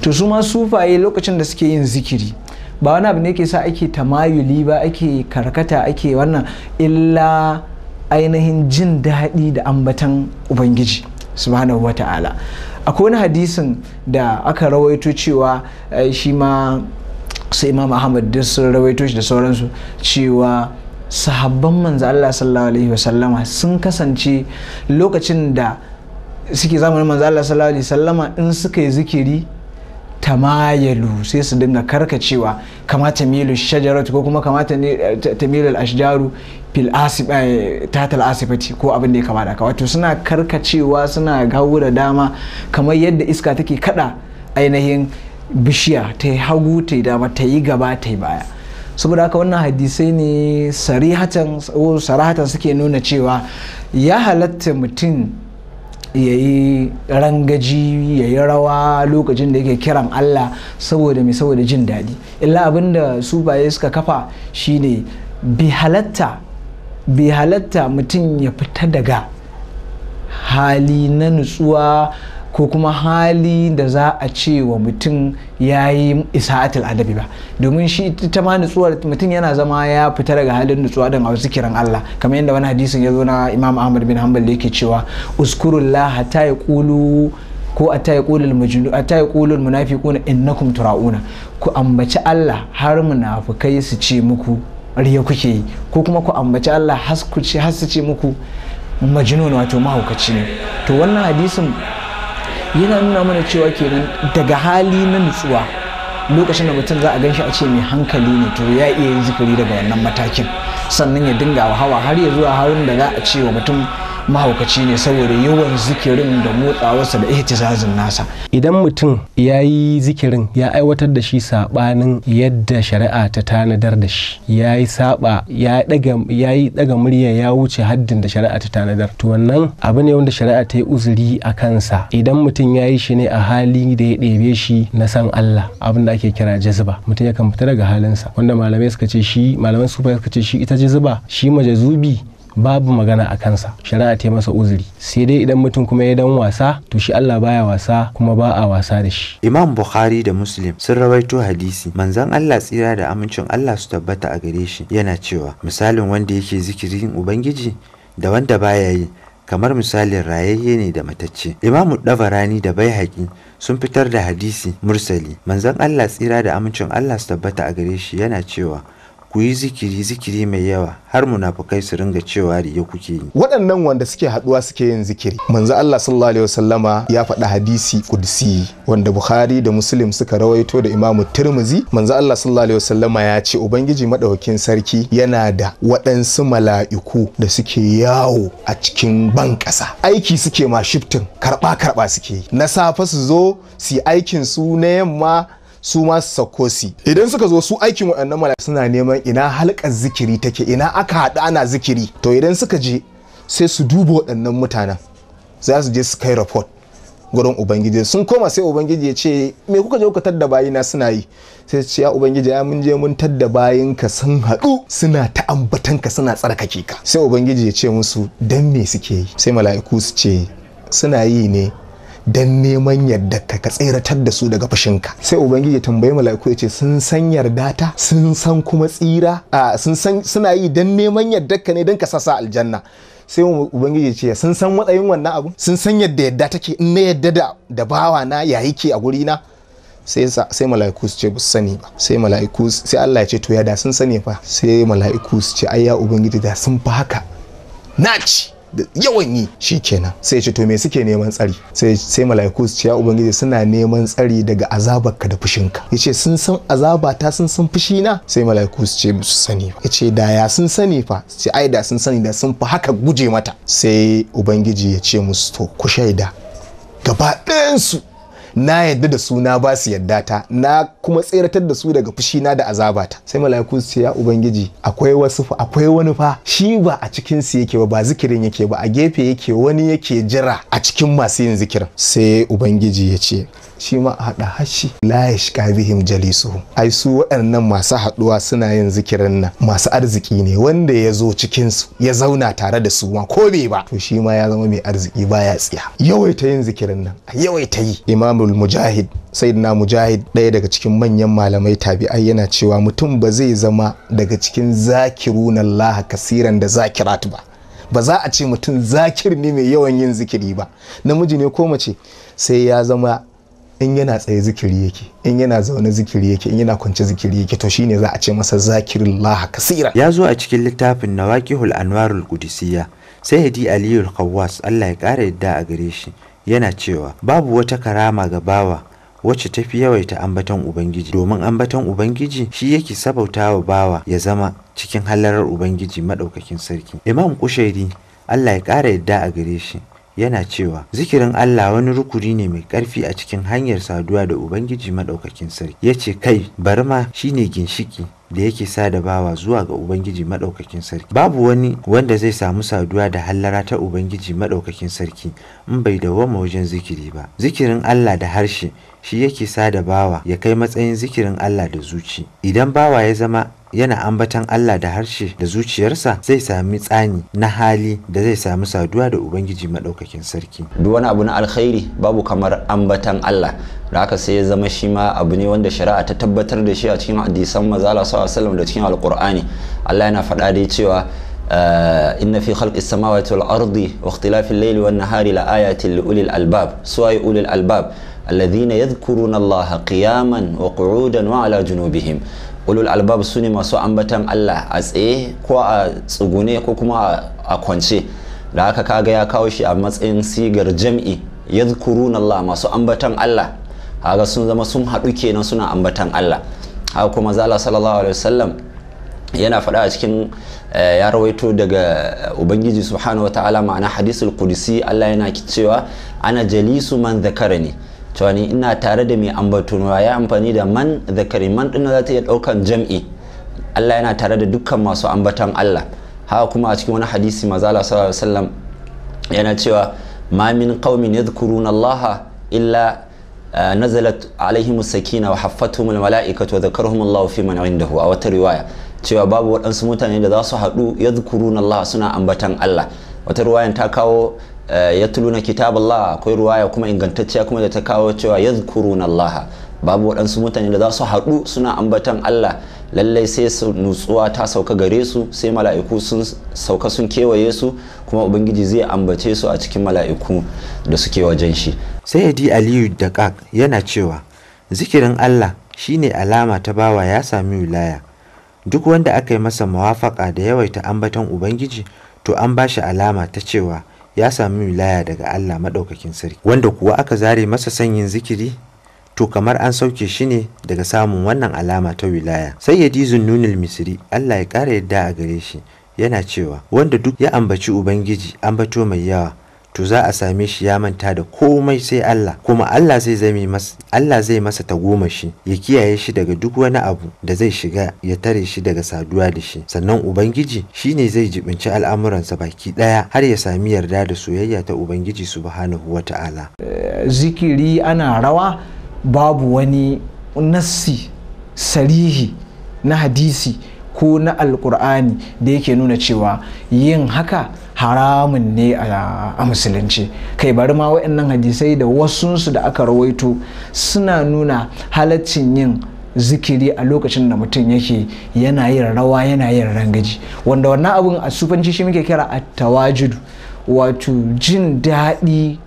to su ma sufaye lokacin da suke yin zikiri ba wani abu ne ke sa ake tamayuli ba ake karkata ake wannan illa ainihin jin daɗi da ambatan ubangiji subhanahu wa ta'ala akwai wani hadisin da aka rawaito cewa eh, shi ma sai imam ahmad duk sun rawaito shi da sauransu cewa sahabban manzo Allah sallallahu alaihi wasallama sun kasance lokacin da suke zamanin manzo Allah sallallahu alaihi wasallama in suka yi zikiri tamayalu sai su dinga karkacewa kama tamilu shajarat ko kuma kama eh, tamilu ashjaru fil eh, tatal asifati ko abin da ya kama da wato suna karkacewa suna gawo da dama kamar yadda iska take kada ainihin bishiya ta yi hagu ta yi dama ta yi gaba ta yi baya saboda haka wannan hadisai ne sarihatan oh, suke nuna cewa ya halatta mutum ya yi rangaji ya yi rawa lokacin da yake kiran Allah saboda mai saboda jin daɗi illa abin da su baye suka kafa shine bi halatta bi halatta mutum ya fita daga hali na nutsuwa ko kuma hali da za a ce wa mutum ya yi isa'atul adabi ba domin shi ta ma nutsuwar mutum yana zama ya fita daga halin nutsuwa don a kiran Allah kamar yadda wani hadisin ya zo na Imam Ahmad bin Hanbal da yake cewa uskurullah ta yi kulu ko a ta kulul majnun a ta kulul munafiquna innakum turauna ku ambaci Allah har munafukai su ce muku riya kuke yi ko kuma ku ambaci Allah har su ce muku majnun wato mahaukaci ne to wannan hadisin yana nuna mana cewa kenan daga hali na nutsuwa lokacin da mutum za a shi a ce mai hankali ne to ya iya yin zikiri daga wannan matakin sannan ya dinga hawa har ya zuwa harin da za a ce wa mutum mahaukaci ne saboda yawan zikirin da motsawarsa da ihtizazin nasa idan mutum ya yi zikirin ya aiwatar da shi saɓanin yadda shari'a ta tanadar da shi ya yi saba ya yi daga murya ya wuce haddin da shari'a ta tanadar to wannan abu ne wanda shari'a ta yi uzuri a kansa idan mutum ya yi shi ne a hali da ya ɗebe shi na san Allah abin da ake kira jazuba mutum ya kan fita daga halinsa wanda malamai suka ce shi malamai suka ce shi ita jazuba shi majazubi babu magana a kansa shari'a ta masa uzuri sai dai idan mutum kuma ya dan wasa to shi Allah baya wasa kuma ba a wasa da shi Imam Bukhari da Muslim sun rawaito hadisi manzon Allah tsira da amincin Allah su tabbata a gare shi yana cewa misalin wanda yake zikirin ubangiji da wanda baya yi kamar misalin rayayye ne da matacce Imam Dabarani da baihaqi sun fitar da hadisi mursali manzon Allah tsira da amincin Allah su tabbata a gare shi yana cewa ku yi zikiri zikiri mai yawa har munafukai su ringa cewa riya kuke yi waɗannan wanda suke haɗuwa suke yin zikiri manzo Allah sallallahu alaihi wasallama ya faɗa hadisi qudsi wanda Bukhari da Muslim suka rawaito da Imam Tirmizi manzo Allah sallallahu alaihi wasallama ya ce ubangiji madaukakin sarki yana da waɗansu mala'iku da suke yawo a cikin ban ƙasa aiki suke ma shiftin karɓa karɓa suke na safe su zo su yi aikin su na yamma su ma su sauko su idan suka zo su aikin waɗannan mala'iku suna neman ina halkar zikiri take ina aka haɗu ana zikiri to idan suka je sai su duba waɗannan mutanen za su je su kai report gurin ubangiji sun koma sai ubangiji ya ce me kuka je kuka tadda bayina suna yi sai ce ya ubangiji ya mun je mun tadda bayinka sun haɗu suna ta ambatanka suna tsarkake ka sai ubangiji ya ce musu dan me suke yi sai mala'iku su ce suna yi ne Dan neman yadda ka ka tseratar da su daga fushinka sai ubangiji ya tambayi mala'iku ya ce sun san yarda ta sun san kuma tsira a sun san suna yi dan neman yadda ka ne don ka sasa aljanna sai ubangiji ce sun san matsayin wannan abu sun san yadda yadda take in na yadda da da bawa na ya yake a guri na sai sai mala'iku su ce ba sani ba sai mala'iku sai Allah ya ce to ya da sun sani fa sai mala'iku su ce ayya ubangiji da sun fa haka naci yawan yi shi kenan sai ce to me suke neman tsari sai sai mala'iku su ce ya ubangiji suna neman tsari daga azabarka da fushinka yace sun san azabata sun san na? sai mala'iku su ce su sani ba yace da ya sun sani fa su ce ai da sun sani da sun fi haka guje mata sai ubangiji ya ce musu to ku shaida gaba su na yadda da su na ba su yadda ta na kuma tseratar da su daga fushi na da azabata sai mala'iku su ya ubangiji akwai wasu fa akwai wani fa shi ba a cikin su yake ba ba zikirin yake ba a gefe yake wani yake jira a cikin masu yin zikirin sai ubangiji ya ce shi ma a haɗa hashi la ya yashqa bihim su. ai su waɗannan masu haɗuwa suna yin zikirin nan masu arziki ne wanda ya zo cikin su ya zauna tare da su ma ko bai ba to shi ma ya zama mai arziki baya tsiya yawaita yin zikirin nan a yawaita yi imamul mujahid sayyidina mujahid ɗaya daga cikin manyan malamai tabi'ai yana cewa mutum ba zai zama daga cikin zakiruna Allah kasiran da zakirat ba ba za a ce mutum zakir ne mai yawan yin zikiri ba namiji ne ko mace sai ya zama in yana tsaye zikiri yake in yana zaune zikiri yake in yana kwance zikiri yake to shine za a ce masa zakirullah kasira ya zo a cikin littafin nawaqihul anwarul qudusiyya sai hadi aliyul qawwas Allah ya ƙara yadda a gare shi yana cewa babu wata karama ga bawa wacce tafi yawaita ambaton Ubangiji domin ambaton Ubangiji shi yake sabauta wa bawa ya zama cikin halarar Ubangiji maɗaukakin sarki. Imam Kushairi Allah ya ƙara yadda a gare shi yana cewa zikirin Allah wani rukuri ne mai ƙarfi a cikin hanyar saduwa da Ubangiji Maɗaukakin Sarki. Ya ce kai Barma shine ginshiki da yake sada bawa zuwa ga Ubangiji Maɗaukakin Sarki. Babu wani wanda zai samu saduwa da hallara ta Ubangiji Maɗaukakin Sarki in bai dawwama wajen zikiri ba. Zikirin Allah da harshe shi yake sada bawa ya kai matsayin zikirin Allah da zuci. Idan bawa ya zama yana ambatan Allah da harshe da zuciyarsa zai sami tsani na hali da zai sami saduwa da Ubangiji maɗaukakin sarki. Duk wani abu na alkhairi babu kamar ambatan Allah da aka sai ya zama shi ma abu ne wanda shari'a ta tabbatar da shi a cikin hadisan mazala sallallahu da cikin alkur'ani Allah yana faɗa dai cewa ah, inna fi khalqi samawati wal ardi wa ikhtilafi al-layli wan nahari la ayatin li ulil albab suwaye ulil albab alladhina yadhkuruna Allah qiyaman wa qu'udan wa ala junubihim ulul albab su ne masu ambatan Allah a tsaye ko a tsugune ko kuma a kwance da haka kaga ya kawo shi a matsayin sigar jam'i yadhkuruna Allah masu ambatan Allah haka sun zama sun haɗu kenan suna ambatan Allah haka kuma zala sallallahu alaihi wasallam yana faɗa a cikin eh, ya rawaito daga ubangiji subhanahu wa ta'ala ma'ana hadisul qudsi Allah yana cewa ana jalisu man dhakarani cewa ni ina tare da mai ambatuna ya amfani da man zakari man din za ta iya ɗaukan jam'i Allah yana tare da dukkan masu ambatan Allah haka kuma a cikin wani hadisi mazala sallallahu yana cewa ma min qaumin yadhkuruna Allah illa nazalat alaihim sakina wa haffatuhum mala'ikatu wa dhakarhum Allah fi man indahu a wata riwaya cewa babu waɗansu mutane da za su haɗu yadhkuruna Allah suna ambatan Allah wata riwayan ta kawo Eh, ya kitab Allah akwai ruwaya kuma ingantacciya kuma da ta kawo cewa yadhkuruna Allah babu waɗansu mutane da za su haɗu suna ambatan Allah lallai sai su nutsuwa ta sauka gare su sai mala'iku sun sauka sun kewaye su kuma ubangiji zai ambace su a cikin mala'iku da suke wajen shi sai sayyidi aliyu da kak yana cewa zikirin Allah shine alama ta bawa ya sami wilaya duk wanda aka yi masa mawafaka da yawaita ambatan ubangiji to an ba shi alama ta cewa ya sami wilaya daga Allah maɗaukakin sarki wanda kuwa aka zare masa sanyin zikiri to kamar an sauke shi ne daga samun wannan alama ta wilaya sai ya dizin nunil misiri Allah ya ƙara yadda a gare shi yana cewa wanda duk ya ambaci ubangiji an bato mai yawa to za a same shi ya manta da komai sai Allah kuma Allah zai zame masa Allah zai masa tagomashi ya kiyaye shi daga duk wani abu da zai shiga ya tare shi daga saduwa da shi sannan ubangiji shine zai jibinci al'amuransa baki daya har ya sami yarda da soyayya ta ubangiji subhanahu wata'ala eh, zikiri ana rawa babu wani nassi sarihi na hadisi ko na alkur'ani da yake nuna cewa yin haka haramun ne a musulunci kai bari ma waɗannan hadisai da wasunsu da aka rawaito suna nuna halaccin yin zikiri a lokacin da mutum yake yana yin rawa yana yin rangaji wanda wannan abun a sufanci shi muke kira a tawajudu wato jin daɗi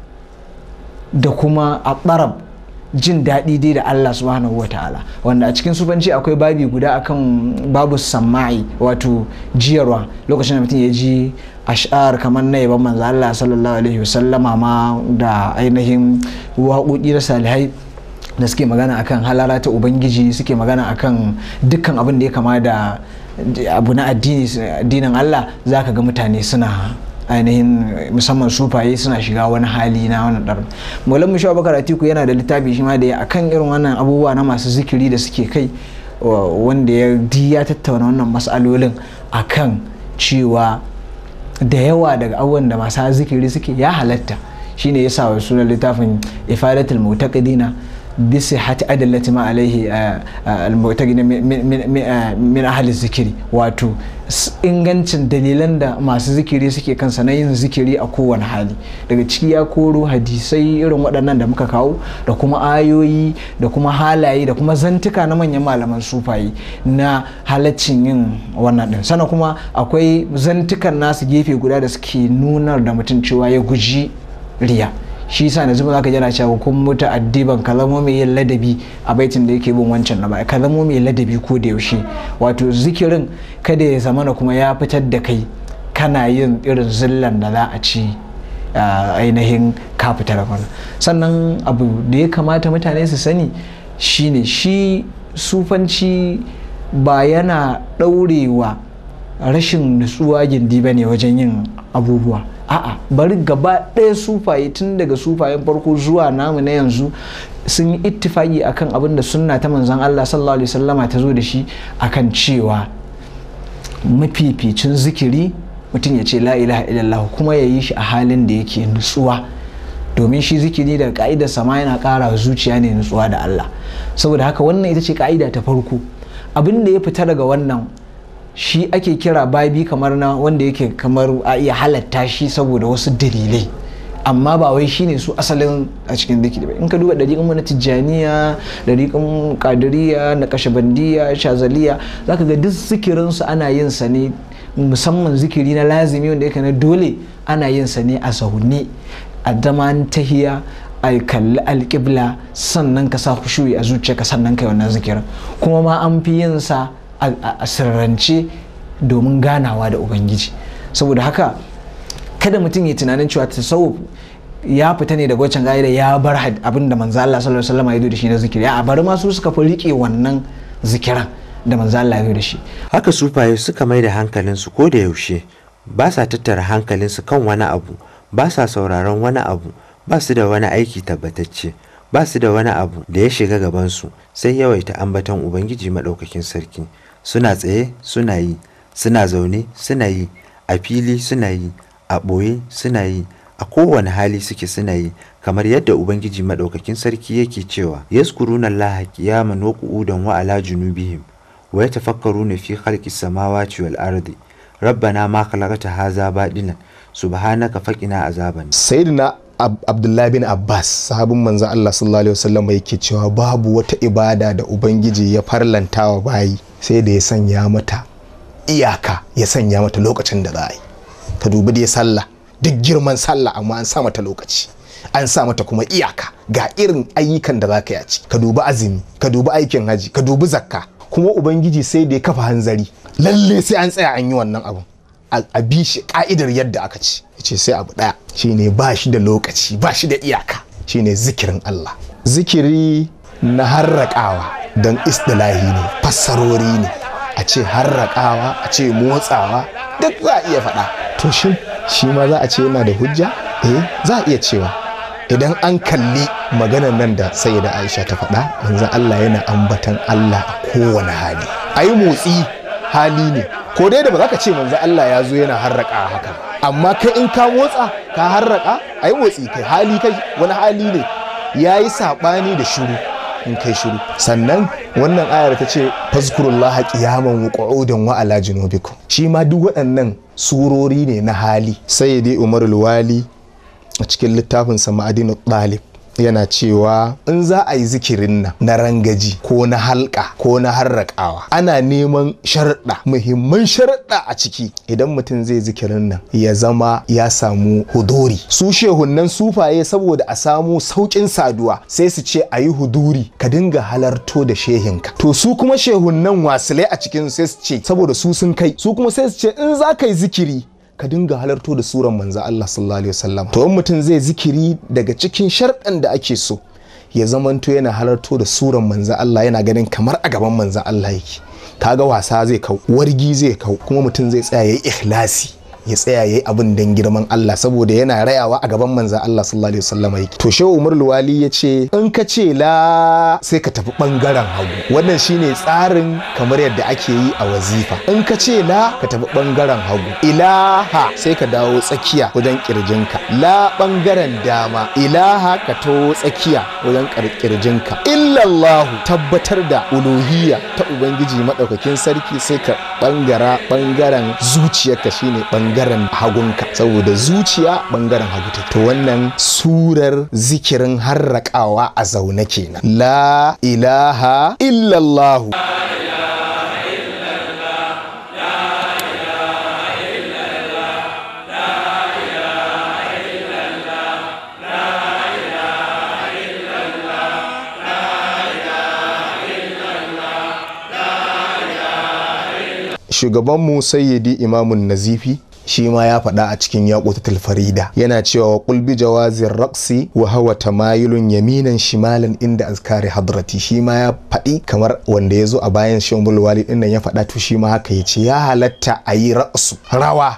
da kuma a ɓarab jin daɗi dai da Allah subhanahu wa ta'ala wanda a cikin sufanci akwai babi guda akan babu samai wato jiyarwa lokacin da mutum ya ji ash'ar kamar na yaban manzo Allah sallallahu alaihi wasallama ma da ainihin waƙoƙi na salihai da suke magana akan halara ta ubangiji suke magana akan dukkan abin da ya kama da abu na addinin Allah zaka ga mutane suna ainihin musamman sufaye suna shiga wani hali na wani ɗar malam mushawa bakar atiku yana da littafi shi ma da ya akan irin wannan abubuwa na masu zikiri da suke kai wanda ya di ya tattauna wannan matsalolin akan cewa da yawa daga abubuwan da masu zikiri suke ya halatta shine ya sa wa sunan littafin ifadatul mutaqidina bisihati adallati ma alaihi almu'taqin min ahli zikiri wato ingancin dalilan da masu zikiri suke kansa na yin zikiri a kowane hali daga ciki ya koro hadisai irin waɗannan da muka kawo da kuma ayoyi da kuma halaye da kuma zantuka na manyan malaman sufaye na halaccin yin wannan ɗin sana kuma akwai zantukan nasu gefe guda da suke nunar da mutum cewa ya guji riya shi yasa na zuba zaka jana cewa kun muta addiban ka zamo mai yin ladabi a baitin da yake bin wancan na baya ka zamo mai ladabi ko da yaushe wato zikirin kada ya zama na kuma ya fitar da kai kana yin irin zillan da za a ci ainihin ka fita da sannan abu da ya kamata mutane su sani shine shi sufanci ba yana ɗaurewa rashin nutsuwa gindi ba ne wajen yin abubuwa a'a bari gaba ɗaya sufaye tun daga sufayen farko zuwa namu na yanzu sun yi ittifaki akan abin da sunna ta manzan Allah sallallahu alaihi wasallama ta zo da shi akan cewa mafificin zikiri mutum ya ce la ilaha illallah kuma ya yi shi a halin da yake nutsuwa domin shi zikiri da ka'ida sama yana ƙara zuciya ne nutsuwa da Allah saboda haka wannan ita ce ka'ida ta farko abin da ya fita daga wannan shi ake kira babi kamar na wanda yake kamar a iya halatta shi saboda wasu dalilai amma ba wai shine su asalin a cikin zikiri ba in ka duba ɗariƙin mu na tijjaniya ɗariƙin kadiriya na kashabandiya shazaliya za ka ga duk zikirin ana yin sa ne musamman zikiri na lazimi wanda yake na dole ana yin sa ne a zaune a zaman tahiya a kalli alƙibla sannan ka sa kushuyi a zuciyarka sannan kai wannan zikirin kuma ma an fi yin sa a sirrance domin ganawa da ubangiji saboda haka kada mutum ya tunanin cewa tasawuf ya fita ne daga wancan ga'ida ya bar abin da manzo Allah sallallahu alaihi wasallam ya da shi na zikiri a bari ma su suka fi rike wannan zikiran da manzo Allah ya da shi haka sufaye suka mai da hankalin su ko da yaushe ba sa tattara hankalin su kan wani abu ba sa sauraron wani abu ba su da wani aiki tabbatacce ba su da wani abu da ya shiga gaban su sai yawaita ambaton ubangiji madaukakin sarki suna tsaye suna yi suna zaune suna yi a fili suna yi a ɓoye suna yi a kowane hali suke suna yi kamar yadda ubangiji maɗaukakin sarki yake cewa yaskuruna laha qiyaman wa qu'udan wa ala junubihim wa yatafakkaruna fi khalqis samawati wal ardi rabbana ma khalaqta hadha badilan subhanaka faqina azaban sayyidina abdullahi bin abbas sabon manzon allah sallallahu alaihi wasallam yake cewa babu wata ibada da ubangiji ya farlantawa bayi sai da ya sanya mata iyaka ya sanya mata lokacin da za a yi ka dubi dai sallah duk girman sallah amma an sa mata lokaci an sa mata kuma iyaka ga irin ayyukan da za ka yi ka dubi azumi ka dubi aikin haji ka dubi zakka kuma ubangiji sai da ya kafa hanzari lalle sai an tsaya an yi wannan abun a bi shi ka'idar yadda aka ci ce sai abu ɗaya shine ba shi da lokaci ba shi da iyaka shine zikirin Allah zikiri na harraƙawa don istilahi ne fassarori ne a ce harraƙawa a ce motsawa duk za a iya faɗa to shin shi ma za a ce yana da hujja eh za a iya cewa idan an kalli maganar nan da sai da aisha ta faɗa yanzu allah yana ambatan allah a kowane hali a yi motsi hali ne ko dai da ba za ka ce manzo allah ya zo yana harraƙa haka amma kai in ka motsa ka harraƙa a yi motsi kai hali kai wani hali ne ya yi saɓani da shuru. in kai shiru sannan wannan ayar ta ce fazkurullah qiyaman wa qu'udan wa ala shi ma duk waɗannan surori ne na hali sai dai umarul wali a cikin littafin sa ma'adinu ɗalib yana cewa in za a yi zikirin nan na rangaji ko na halka ko na harrakawa ana neman sharaɗa muhimman sharaɗa a ciki idan mutum zai zikirin nan ya zama ya samu huduri su shehunnan sufaye saboda a samu sauƙin saduwa sai su ce a yi huduri ka dinga halarto da shehinka to su kuma shehunnan wasilai a cikin sai su ce saboda su sun kai su kuma sai su ce in za ka yi zikiri ka dinga halarto da suran manzo Allah sallallahu alaihi wasallam to in mutum zai zikiri daga cikin sharɗan da ake so ya zamanto yana halarto da suran manzo Allah yana ganin kamar a gaban manzo Allah yake kaga wasa zai kau wargi zai kau kuma mutum zai tsaya yayi ikhlasi ya tsaya yayi abin dan girman Allah saboda yana rayawa a gaban manza Allah sallallahu alaihi wasallam yake to shehu Umar Luwali yace in ka ce la sai ka tafi bangaren hagu wannan shine tsarin kamar yadda ake yi a wazifa in ka ce la ka tafi bangaren hagu ilaha sai ka dawo tsakiya wajen kirjinka la bangaren dama ilaha ka to tsakiya wajen kirjinka illallahu tabbatar da uluhiyya ta ubangiji madaukakin sarki sai ka bangara bangaren zuciyarka shine bangaren bangaren hagunka saboda zuciya bangaren hagu Ta to wannan surar zikirin harrakawa a zaune kenan la ilaha illallahu shugabanmu sayyidi imamun nazifi shi ma ya faɗa a cikin yaqutul farida yana cewa wa ƙulbi jawazin raksi wa hawa tamayulun yaminan shimalin inda azkari hadrati shi ma ya faɗi kamar wanda ya zo a bayan shambul wali inda nan ya faɗa to shi ma haka ya ce ya halatta a yi raksu rawa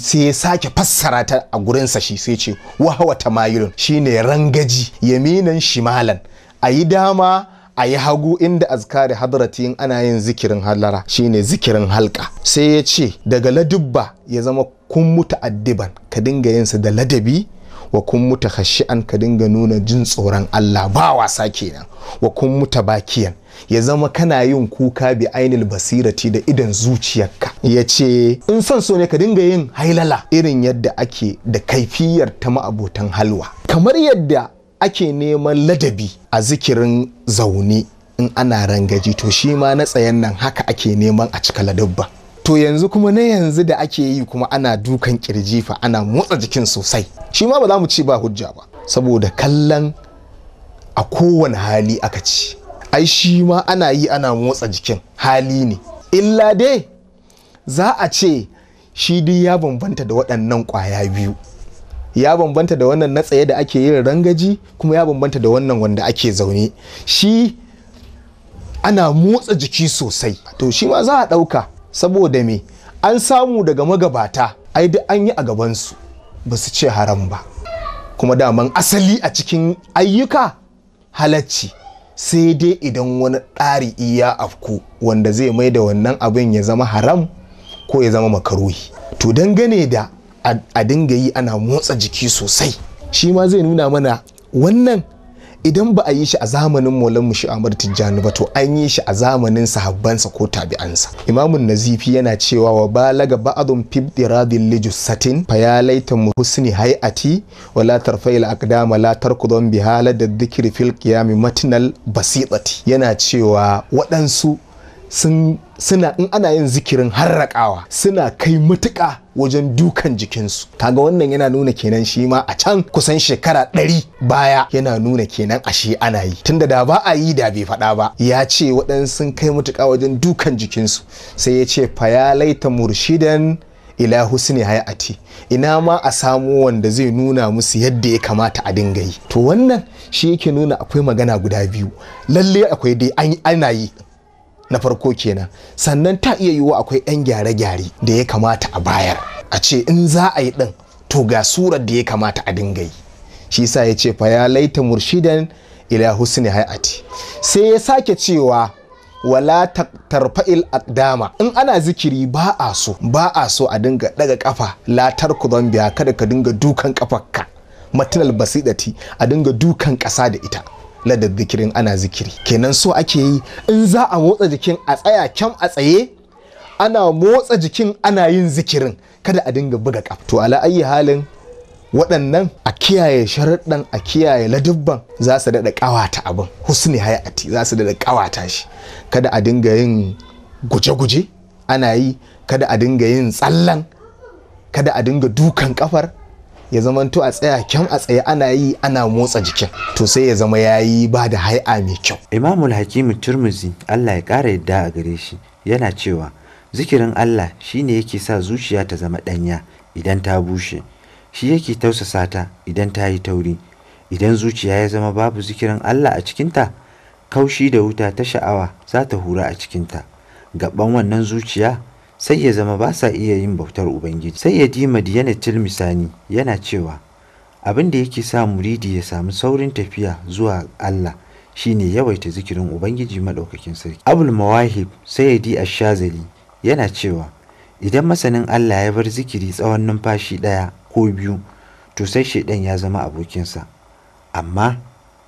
sai ya sake fassara ta a gurinsa shi sai ce wa hawa tamayulun shine rangaji yaminan shimalan a yi dama a yi hagu inda azkari yin ana yin zikirin halara shine zikirin halka sai ya ce daga ladubba ya zama kun addiban ka dinga yinsa da ladabi wa kun muta hashi'an ka dinga nuna jin tsoron Allah ba wasa kenan wa kun muta bakiyan ya zama kana yin kuka bi ainihin basirati da idan zuciyarka ya ce in son so ne ka dinga yin hailala irin yadda ake da kaifiyar ta ma'abotan halwa kamar yadda ake neman ladabi a zikirin zaune in ana rangaji to shi ma na tsayen nan haka ake neman a cika ladabba to yanzu kuma na yanzu da ake yi kuma ana dukan kirji fa ana motsa jikin sosai shi ma ba za mu ci ba hujja ba saboda kallon a kowane hali aka ci ai shi ma ana yi ana motsa jikin hali ne illa dai za a ce shi dai ya bambanta da waɗannan ƙwaya biyu ya bambanta da wannan na tsaye da ake yin rangaji kuma ya bambanta da wannan wanda ake zaune shi ana motsa jiki sosai to shi ma za a ɗauka saboda me an samu daga magabata ai duk an yi a gabansu ba su ce haram ba kuma daman asali a cikin ayyuka halacci sai dai idan wani ɗari iya afku wanda zai mai da wannan abin ya zama haram ko ya zama makaruhi to dangane da a dinga yi ana motsa jiki sosai shi ma zai nuna mana wannan idan ba a yi shi a zamanin mu mu Ahmad Tijjani ba to an yi shi a zamanin sahabbansa ko tabi'ansa Imamun Nazifi yana cewa wa balaga ba'dhum radin lijus satin fa ya laita mu husni hayati wa la tarfa'il aqdama la tarkudun bi halad dhikri fil qiyam matinal basitati yana cewa waɗansu sun suna in ana yin zikirin harraƙawa suna kai matuƙa wajen dukan jikinsu kaga wannan yana nuna kenan shi ma a can kusan shekara ɗari baya yana nuna kenan ashe ana yi tunda da ba a yi da bai faɗa ba ya ce waɗansu sun kai matuka wajen dukan jikinsu sai ya ce ya laita murshidan ila husni hayati ina ma a samu wanda zai nuna musu yadda ya kamata a dinga yi to wannan shi yake nuna akwai magana guda biyu lalle akwai dai ana yi na farko kenan sannan ta iya yiwuwa akwai 'yan gyare-gyare da ya kamata a bayar a ce in za a yi ɗin to ga surar da ya kamata a dinga yi shi sa ya ce fa ya laita murshidan ila husni hayati sai ya sake cewa wala tarfa'il aqdama in ana zikiri ba a so ba a so a dinga daga kafa la tarkudan biya kada ka dinga dukan kafarka matinal basidati a dinga dukan kasa da ita ladadzikirin ana zikiri kenan so ake yi in za a motsa jikin a tsaya kyam a tsaye ana motsa jikin ana yin zikirin kada a dinga buga kaf to ala ayi halin waɗannan a kiyaye sharaɗin a kiyaye ladubban za su daɗa ƙawata abin husni hayati za su daɗa ƙawata shi kada a dinga yin guje-guje ana yi kada a dinga yin tsallan kada a dinga dukan kafar ya zama to a tsaya kyan a tsaye ana yi ana motsa jikin to sai ya zama ya yi ba da hai'a mai kyau imamul hakimu turmuzi allah ya ƙara yadda a gare shi yana cewa zikirin allah shine yake sa zuciya ta zama ɗanya idan ta bushe shi yake tausasa ta idan ta yi tauri idan zuciya ya zama babu zikirin allah a cikinta kaushi da wuta ta sha'awa za ta hura a cikinta gaban wannan zuciya sai ya zama ba sa iya yin bautar Ubangiji. Sai ya ji Madiyana Tilmisani yana cewa abin da yake sa muridi ya samu saurin tafiya zuwa Allah shine yawaita zikirin Ubangiji Maɗaukakin Sarki. Abul Mawahib sai ya di Ashazali yana cewa idan masanin Allah ya bar zikiri tsawon numfashi ɗaya ko biyu to sai shaidan ya zama abokinsa amma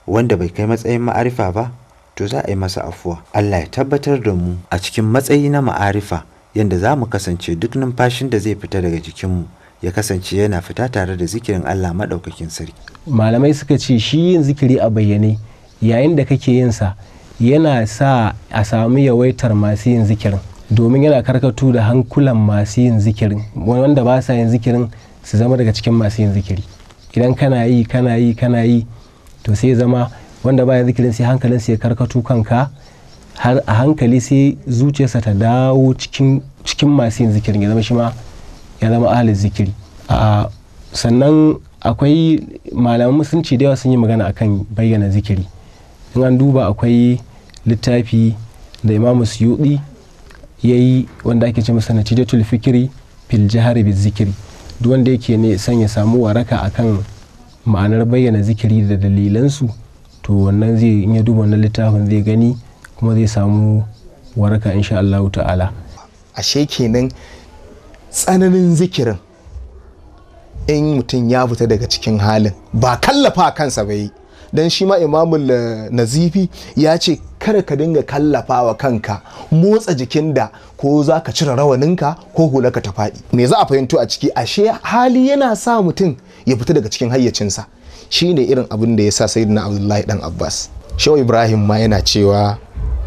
wanda bai kai matsayin ma'arifa ba to za a yi masa afuwa Allah ya tabbatar da mu a cikin matsayi na ma'arifa yadda za mu kasance duk numfashin da zai fita daga jikinmu ya kasance yana fita tare da zikirin Allah maɗaukakin sarki. Malamai suka ce shi yin zikiri a bayyane yayin da kake yinsa yana sa a sami yawaitar masu yin zikirin domin yana karkatu da hankulan masu yin zikirin wanda ba sa yin zikirin su zama daga cikin masu yin zikiri idan kana yi kana yi kana yi to sai zama wanda ba yin zikirin sai hankalin ya karkatu kanka har a hankali sai zuciyarsa ta dawo cikin masu yin zikirin ya zama shi ma ya zama ahalin zikiri sannan akwai malaman musulunci da yawa sun yi magana akan bayyana zikiri in an duba akwai littafi da imamu suyuɗi ya yi wanda ake ce masa natijatul fikiri fil jihar zikiri duk wanda yake ne son ya samu waraka akan ma'anar bayyana zikiri da dalilansu to wannan zai in ya duba wannan littafin zai gani kuma zai samu waraka insha Allah ta'ala ashe kenan tsananin zikirin in mutum ya fita daga cikin halin ba kallafa kansa bai dan shi ma imamul eh, nazifi ya ce kar ka dinga kallafa wa kanka motsa jikin da ko za ka cire rawaninka ko hulaka ta faɗi me za a fahimto a ciki ashe hali yana sa mutum ya fita daga cikin hayyacinsa shi ne irin abin da ya sa na abdullahi dan abbas shau ibrahim ma yana cewa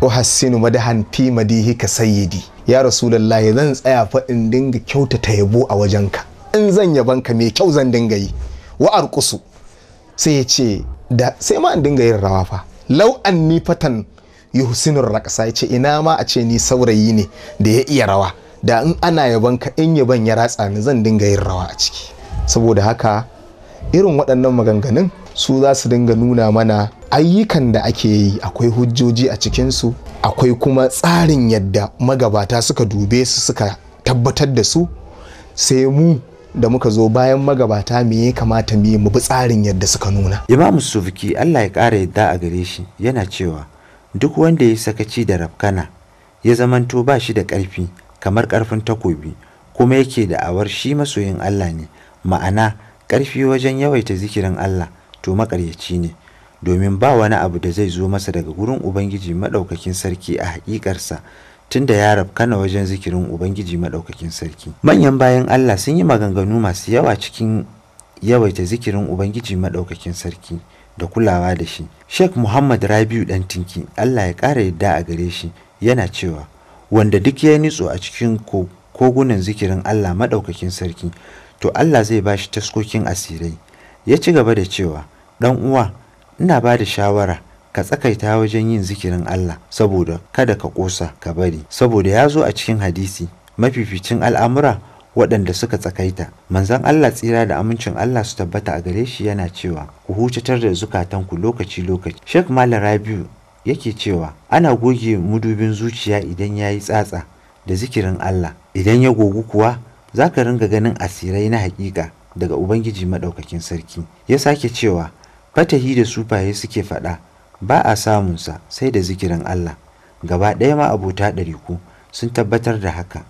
uhassinu madahan fi madihika sayyidi ya rasulullahi zan tsaya fa in dinga kyautata yabo a wajenka in zan ka mai kyau zan dinga yi wa kusu sai ya ce da sai ma in dinga yin rawa fa lau anni fatan yuhsinu raqsa ya ce ina ma a ce ni saurayi ne da ya iya rawa da in ana ka in yaban ya ratsa ni zan dinga yin rawa a ciki saboda haka irin waɗannan maganganun su za su dinga nuna mana ayyukan da ake yi akwai hujjoji a cikinsu akwai kuma tsarin yadda magabata suka dube su suka tabbatar da su sai mu da muka zo bayan magabata me ya kamata mu mu bi tsarin yadda suka nuna imamu sufuki allah ya kara yadda a gare shi yana cewa duk wanda ya sakaci da rafkana ya zamanto ba shi da ƙarfi kamar ƙarfin takobi kuma yake da awar shi masoyin allah ne ma'ana ƙarfi wajen yawaita zikirin Allah to maƙaryaci ne domin ba wani abu da zai zo masa daga gurin Ubangiji maɗaukakin sarki a haƙiƙarsa tunda ya rabkana wajen zikirin Ubangiji maɗaukakin sarki. Manyan bayan Allah sun yi maganganu masu yawa cikin yawaita zikirin Ubangiji maɗaukakin sarki da kulawa da shi. Sheikh Muhammad Rabiu ɗan tinki Allah ya ƙara yadda a gare shi yana cewa wanda duk ya nitso a cikin kogunan zikirin Allah maɗaukakin sarki to Allah zai ba shi taskokin asirai ya ci gaba da cewa 'Dan uwa ina ba da shawara ka tsakaita wajen yin zikirin Allah saboda kada ka kosa ka bari saboda ya zo a cikin hadisi mafificin al'amura waɗanda suka tsakaita manzon Allah tsira da amincin Allah su tabbata a gare shi yana cewa ku hucatar da zukatanku lokaci lokaci Sheikh Malam Rabiu yake cewa ana goge mudubin zuciya idan ya yi tsatsa da zikirin Allah idan ya gogu kuwa za ka ringa ganin asirai na hakika daga ubangiji maɗaukakin sarki ya sake cewa fatahi da sufaye suke faɗa ba a samunsa sai da zikirin allah gaba ɗaya ma abota ɗariku sun tabbatar da haka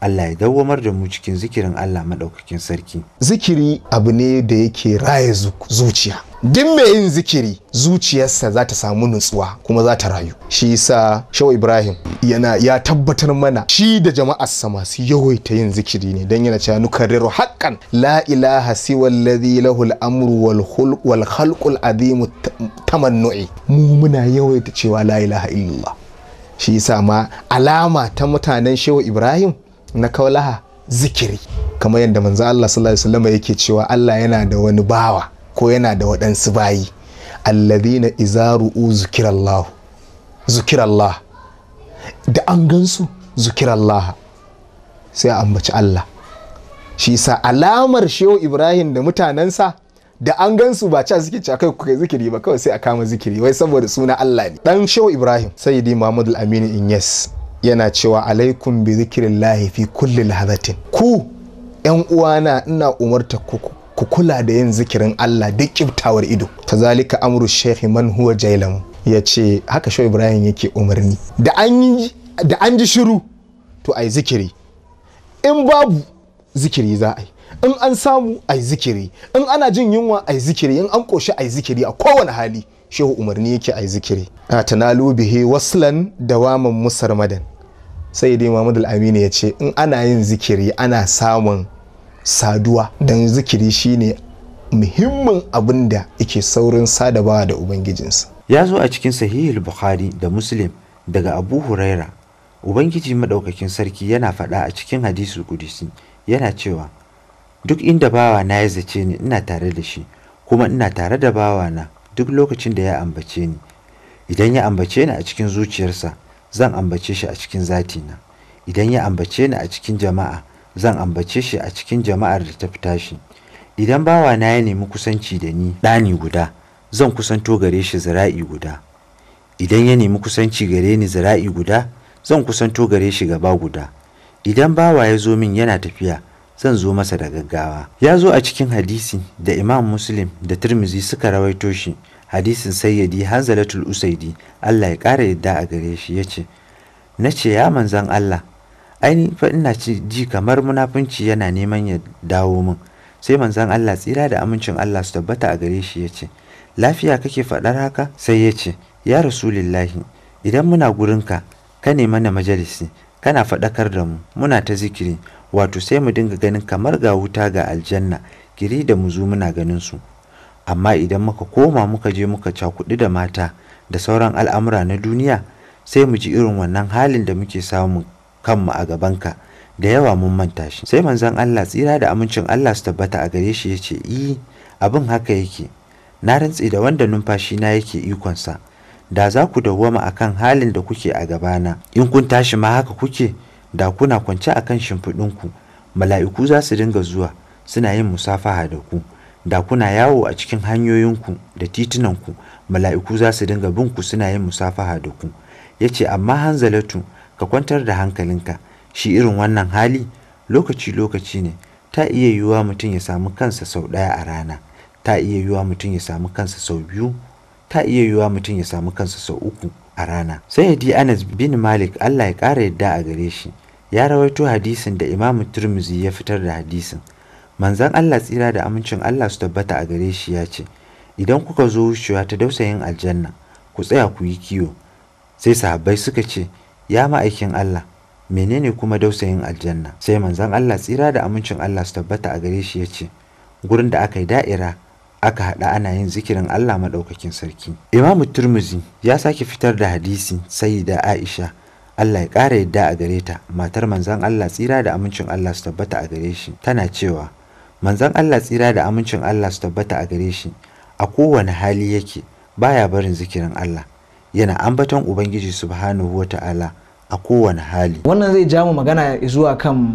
Allah ya dawwamar da mu cikin zikirin Allah maɗaukakin sarki. Zikiri abu ne da yake raye zuciya. Din mai yin zikiri zuciyarsa za ta samu nutsuwa kuma za ta rayu shi sa shawa ibrahim yana ya tabbatar mana shi da jama'arsa masu yawaita yin zikiri ne dan yana cewa nukarriru haƙƙan. la ilaha siwallazi lahul amru wal khulq wal khalqul azim mu muna yawaita cewa la ilaha illallah shi sa ma alama ta mutanen shehu ibrahim na kaulaha zikiri kamar yadda manzo Allah sallallahu alaihi wasallam yake cewa Allah yana da wani bawa ko yana da waɗansu bayi alladhina iza ru'u zukirallah zukirallah da an gansu zukirallah sai a ambaci Allah shi sa alamar shehu ibrahim da mutanensa da an gansu ba ca suke cewa kai kuka zikiri ba kawai sai a kama zikiri wai saboda suna Allah ne Ɗan shehu ibrahim sayyidi muhammad al-amin inyas yana cewa alaikum bi zikirin fi kulli lahadatin ku yan uwana ina umarta ku ku kula da yin zikirin Allah duk kiftawar ido zalika amru shekhi man huwa jailam ya ce haka shau ibrahim yake umarni da an ji shiru to ai zikiri in babu zikiri za a yi in an samu ai zikiri in ana jin yunwa ai zikiri in an koshi ai zikiri a kowane hali shehu umarni yake ai zikiri a tanalu bihi waslan dawaman musarmadan sai dai Muhammadu al-Amini ya ce in ana yin zikiri ana samun saduwa don zikiri shine muhimmin abin da yake saurin sadabawa da ubangijinsa ya zo a cikin sahihul bukhari da muslim daga abu huraira ubangiji madaukakin sarki yana faɗa a cikin hadisi kudisi yana cewa duk inda bawa na ya zace ni ina tare da shi kuma ina tare da bawa na duk lokacin da ya ambace ni idan ya ambace ni a cikin zuciyarsa zan ambace shi a cikin zatina idan ya ambace ni a cikin jama'a zan ambace shi a cikin jama'ar da ta fi tashi idan bawa na ya nemi kusanci da ni ɗani guda zan kusanto gare shi zira'i guda idan ya nemi kusanci gare ni zira'i guda zan kusanto gare shi gaba guda idan bawa ya zo min yana tafiya zan zo masa da gaggawa ya zo a cikin hadisi da imam muslim da tirmizi suka rawaito shi hadisin sayyadi hanzalatul usaidi allah ya ƙara yadda a gare shi ya ce na ce ya manzan allah aini fa ina ci ji kamar munafunci yana neman ya dawo min sai manzan Allah tsira da amincin Allah su tabbata a gare shi ya ce lafiya kake faɗar haka sai ya ce ya rasulillahi idan muna gurin ka ka ne mana majalisi kana faɗakar da mu muna ta zikiri wato sai mu dinga ganin kamar ga wuta ga aljanna kiri da mu zo muna ganin su amma idan muka koma muka je muka cakuɗi da mata da sauran al'amura na duniya sai mu ji irin wannan halin da muke samu kanmu a gabanka da yawa mun manta shi sai manzon Allah tsira da amincin Allah su tabbata a gare shi yace i e, abin haka yake na rantse da wanda numfashi na yake sa da za ku dawwama akan halin da kuke a gabana in kun tashi ma haka kuke da kuna kwance akan ku mala'iku za su dinga zuwa suna yin musafaha da ku da kuna yawo a cikin hanyoyinku da titunanku mala'iku za su dinga bin ku suna yin musafaha da ku yace amma hanzalatu ka kwantar da hankalinka shi irin wannan hali lokaci-lokaci ne ta iya yiwuwa mutum ya samu kansa sau ɗaya a rana ta iya yiwuwa mutum ya samu kansa sau biyu ta iya yiwuwa mutum ya samu kansa sau uku a rana sai sayyidi anas bin malik allah ya ƙara yadda a gare shi ya rawaito hadisin da imamu turmizi ya fitar da hadisin manzan allah tsira da amincin allah su tabbata a gare shi ya ce idan kuka zo wucewa ta dausayin aljanna ku tsaya ku yi kiwo sai sahabbai suka ce ya ma'aikin Allah menene kuma dausayin aljanna sai manzon Allah tsira da amincin Allah su tabbata a gare shi ya ce gurin da aka yi da'ira aka haɗa ana yin zikirin Allah maɗaukakin sarki Imam turmuzi ya sake fitar da hadisi Sayyida aisha Allah ya ƙara yadda a gare ta matar manzon Allah tsira da amincin Allah su tabbata a gare shi tana cewa manzon Allah tsira da amincin Allah su tabbata a gare shi a kowane hali yake baya barin zikirin Allah yana ambaton ubangiji subhanahu wata'ala a kowane hali wannan zai ja mu magana zuwa kan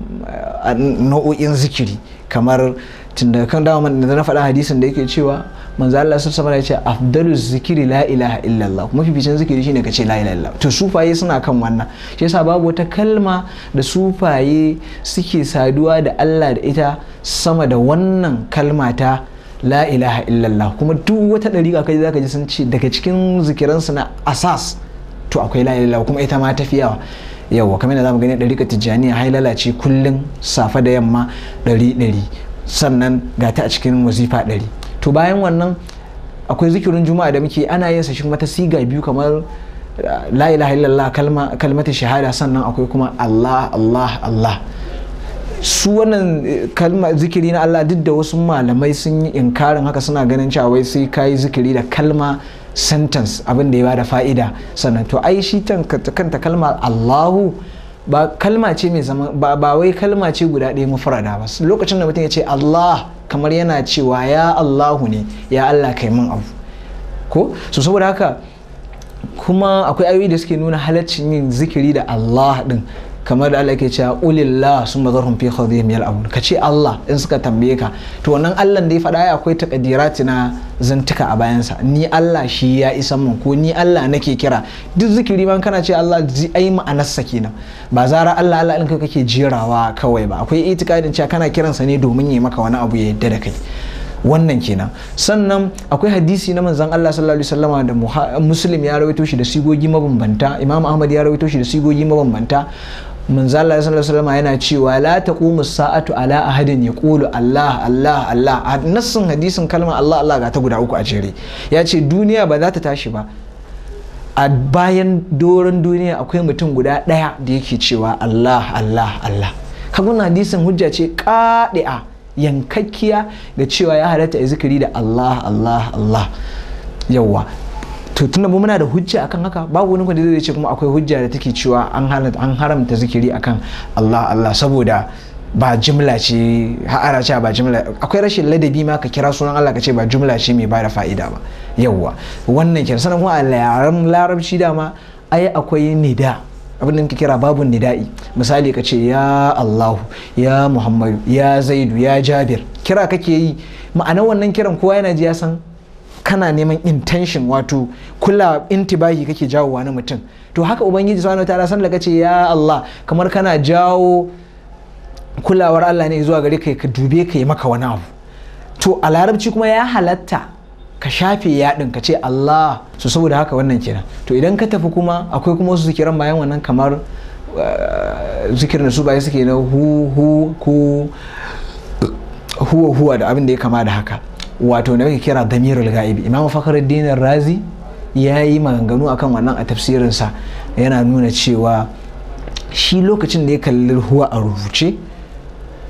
eh, nau'o'in zikiri kamar tun da kan dama da na faɗa hadisin da yake cewa manzo Allah sun ya ce afdalu zikiri la ilaha illallah mafificin zikiri shine ka ce la ilaha illallah to sufaye suna kan wannan shi yasa babu wata kalma da sufaye suke saduwa da Allah da ita sama da wannan kalma ta la ilaha illallah kuma duk wata ka kai zaka ji sun ce daga cikin zikiransu na asas to akwai la ilaha kuma ita ma tafiyawa yawa kamar da zamu gani ka tijjaniya hai lalace kullum safa da yamma ɗari ɗari sannan ga ta a cikin wazifa ɗari to bayan wannan akwai zikirin juma'a da muke ana yin sa shi mata siga biyu kamar la ilaha illallah kalma kalmata shahada sannan akwai kuma Allah Allah Allah su wannan eh, kalma zikiri na Allah duk da wasu malamai sun yi inkarin haka suna ganin cewa wai sai kayi zikiri da kalma sentence abin da ya bada fa'ida sannan to ai shi kanta kalmar Allahu ba kalma ce mai zaman ba wai kalma ce guda ɗaya mufrada ba lokacin da mutum ya ce Allah kamar yana cewa ya Allahu ne ya Allah kai mun abu ko so saboda haka kuma akwai ayoyi da suke nuna halaccin yin zikiri da Allah din kamar da Allah ke cewa ulillah sun mazarhum fi khadhihim yal'abun ka ce Allah in suka tambaye ka to wannan Allah da ya faɗa ya akwai takadirati na zantuka a bayansa ni Allah shi ya isa mun ko ni Allah nake kira duk zikiri ban kana ce Allah ji ai ma'anarsa kenan ba zara Allah Allah in kake jerawa kawai ba akwai itikadin cewa kana kiran sa ne domin ya maka wani abu ya yadda da kai wannan kenan sannan akwai hadisi na manzon Allah sallallahu alaihi wasallama da muslim ya rawaito shi da sigogi mabambanta imam ahmad ya rawaito shi da sigogi mabambanta manzala Allah sallallahu alaihi yana cewa la taqumu sa'atu ala ahadin yaqulu Allah Allah Allah nassin hadisin kalmar Allah Allah ga ta guda uku a jere ya ce duniya ba za ta tashi ba a bayan doron duniya akwai mutum guda ɗaya da yake cewa Allah Allah Allah kagun hadisin hujja ce kadi'a yankakkiya da cewa ya halatta zikiri da Allah Allah Allah yawwa to tunda mu muna da hujja akan haka babu wani wanda zai ce kuma akwai hujja da take cewa an haramta zikiri akan Allah Allah saboda ba jimla ce ha'ara ce ba jimla akwai rashin ladabi ma ka kira sunan Allah ka ce ba jimla ce mai bada fa'ida ba yawwa wannan kenan sanan kuma a yaran larabci dama ai akwai nida abin da ka kira babu nida'i misali ka ce ya Allahu ya Muhammadu ya Zaidu ya Jabir kira kake yi ma'ana wannan kiran kowa yana ji ya san kana neman intention wato kula intibahi kake jawowa na mutum to haka ubangiji subhanahu wataala san daga ce ya Allah kamar kana jawo kulawar Allah ne zuwa gare ka ka dube ka yi maka wani abu to a larabci kuma ya halatta ka shafe yaɗin ka ce Allah su saboda haka wannan kenan to idan ka tafi kuma akwai kuma wasu zikiran bayan wannan kamar eh, zikirin na su bai suke na hu hu ku huwa huwa da abin da ya kama da haka wato da muke kira damirul ga'ibi imamu fakhruddin razi ya yi maganganu akan wannan a sa yana nuna cewa shi lokacin da ya kalli ruwa a rubuce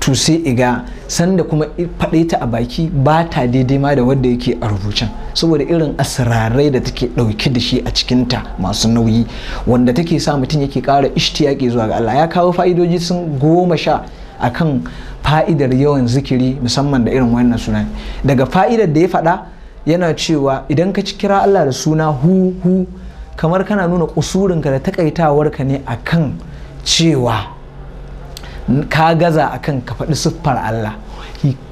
to sai iga sanda kuma faɗe ta a baki ba ta daidai ma da wadda yake a rubucin saboda irin asirarai da take ɗauke da shi a cikinta masu nauyi wanda take sa mutum yake ƙara ishtiyaki zuwa ga Allah ya kawo fa'idoji sun goma sha akan fa'idar yawan zikiri musamman da irin wannan suna daga fa'idar da ya faɗa yana cewa idan ka ci kira Allah da suna hu hu kamar kana nuna kusurinka da takaitawarka ne akan cewa ka gaza akan ka faɗi siffar Allah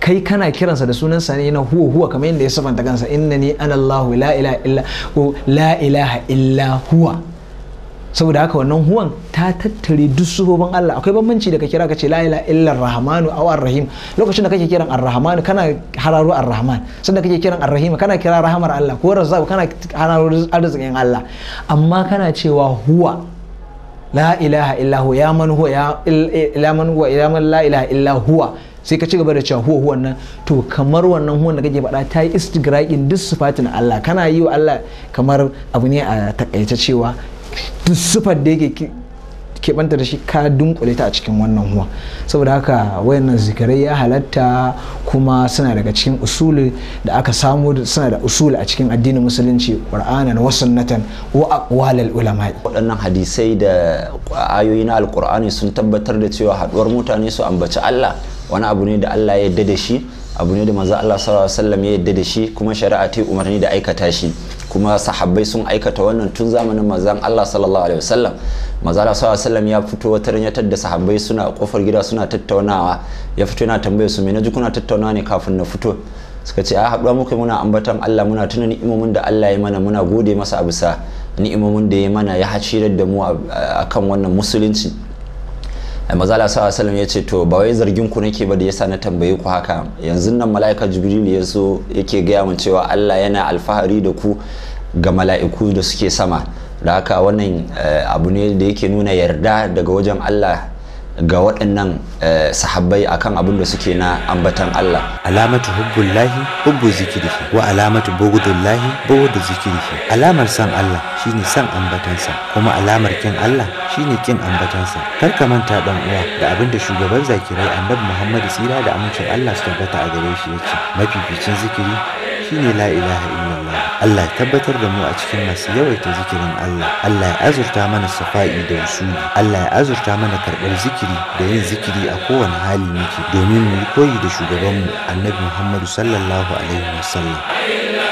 kai kana kiransa da sunansa ne na huwa huwa kamar yadda ya sabanta kansa ni anallahu la ilaha illa la ilaha illa huwa saboda haka wannan huwan ta tattare duk sufofin Allah akwai bambanci da ka kira ka ce la ilaha illa rahmanu aw arrahim lokacin da kake kiran arrahmanu kana hararo arrahman rahman kake kiran arrahim kana kira rahmar Allah ko razzaq kana hararo arzikin Allah amma kana cewa huwa la ilaha illa ya man huwa ya man huwa ya man la ilaha illa huwa sai ka ci gaba da cewa huwa huwan nan to kamar wannan huwan da kake faɗa ta yi istigraqin duk sifatin Allah kana yi wa Allah kamar abu ne a takaice cewa duk sifar da yake keɓanta da shi ka dunkule ta a cikin wannan huwa saboda haka wayannan zikirai ya halatta kuma suna daga cikin usuli da aka samu suna da usuli a cikin addinin musulunci qur'anan wa sunnatan wa aqwalal ulama waɗannan hadisai da ayoyi na alqur'ani sun tabbatar da cewa haɗuwar mutane su ambaci Allah wani abu ne da Allah ya yarda da shi abu ne da manzo Allah sallallahu alaihi wasallam ya yadda da shi kuma shari'a ta umarni da aikata shi kuma sahabbai sun aikata wannan tun zamanin mazan Allah sallallahu alaihi wasallam manzon Allah sallallahu alaihi wasallam ya fito wata ran ya tada sahabbai suna kofar gida suna tattaunawa ya fito yana tambaye su me naji kuna tattaunawa ne kafin na fito suka ce a ah, haɗuwa muka muna ambatan Allah muna tuna ni'imomin da Allah ya mana muna gode masa a bisa ni'imomin da ya mana ya hashirar da mu akan wannan musulunci mazala sa sallam ya ce to ba wai zargin ku nake ba da yasa na tambaye ku haka yanzu nan mala'ika jibril ya zo yake gaya min cewa allah yana alfahari da ku ga mala'iku da suke sama da haka wannan eh, abu ne da yake nuna yarda daga wajen allah ga waɗannan eh, sahabbai akan abin da suke na ambatan Allah. Alamatu hubbullahi hubbu zikirihi wa alamatu bugudullahi bugudu zikirihi. Alamar san Allah shine san ambatansa kuma alamar kin Allah shine kin ambatansa. Kar ka manta dan uwa da abin da shugaban zakirai Annabi Muhammad tsira da amincin Allah su tabbata a gare shi mafi mafificin zikiri shine la ilaha illallah. Allah ya tabbatar da mu a cikin masu yawaita zikirin Allah Allah ya azurta mana safa'i da usuli Allah ya azurta mana karɓar zikiri da yin zikiri a kowane hali muke domin mu yi koyi da shugabanmu annabi Muhammadu sallallahu alaihi wasallam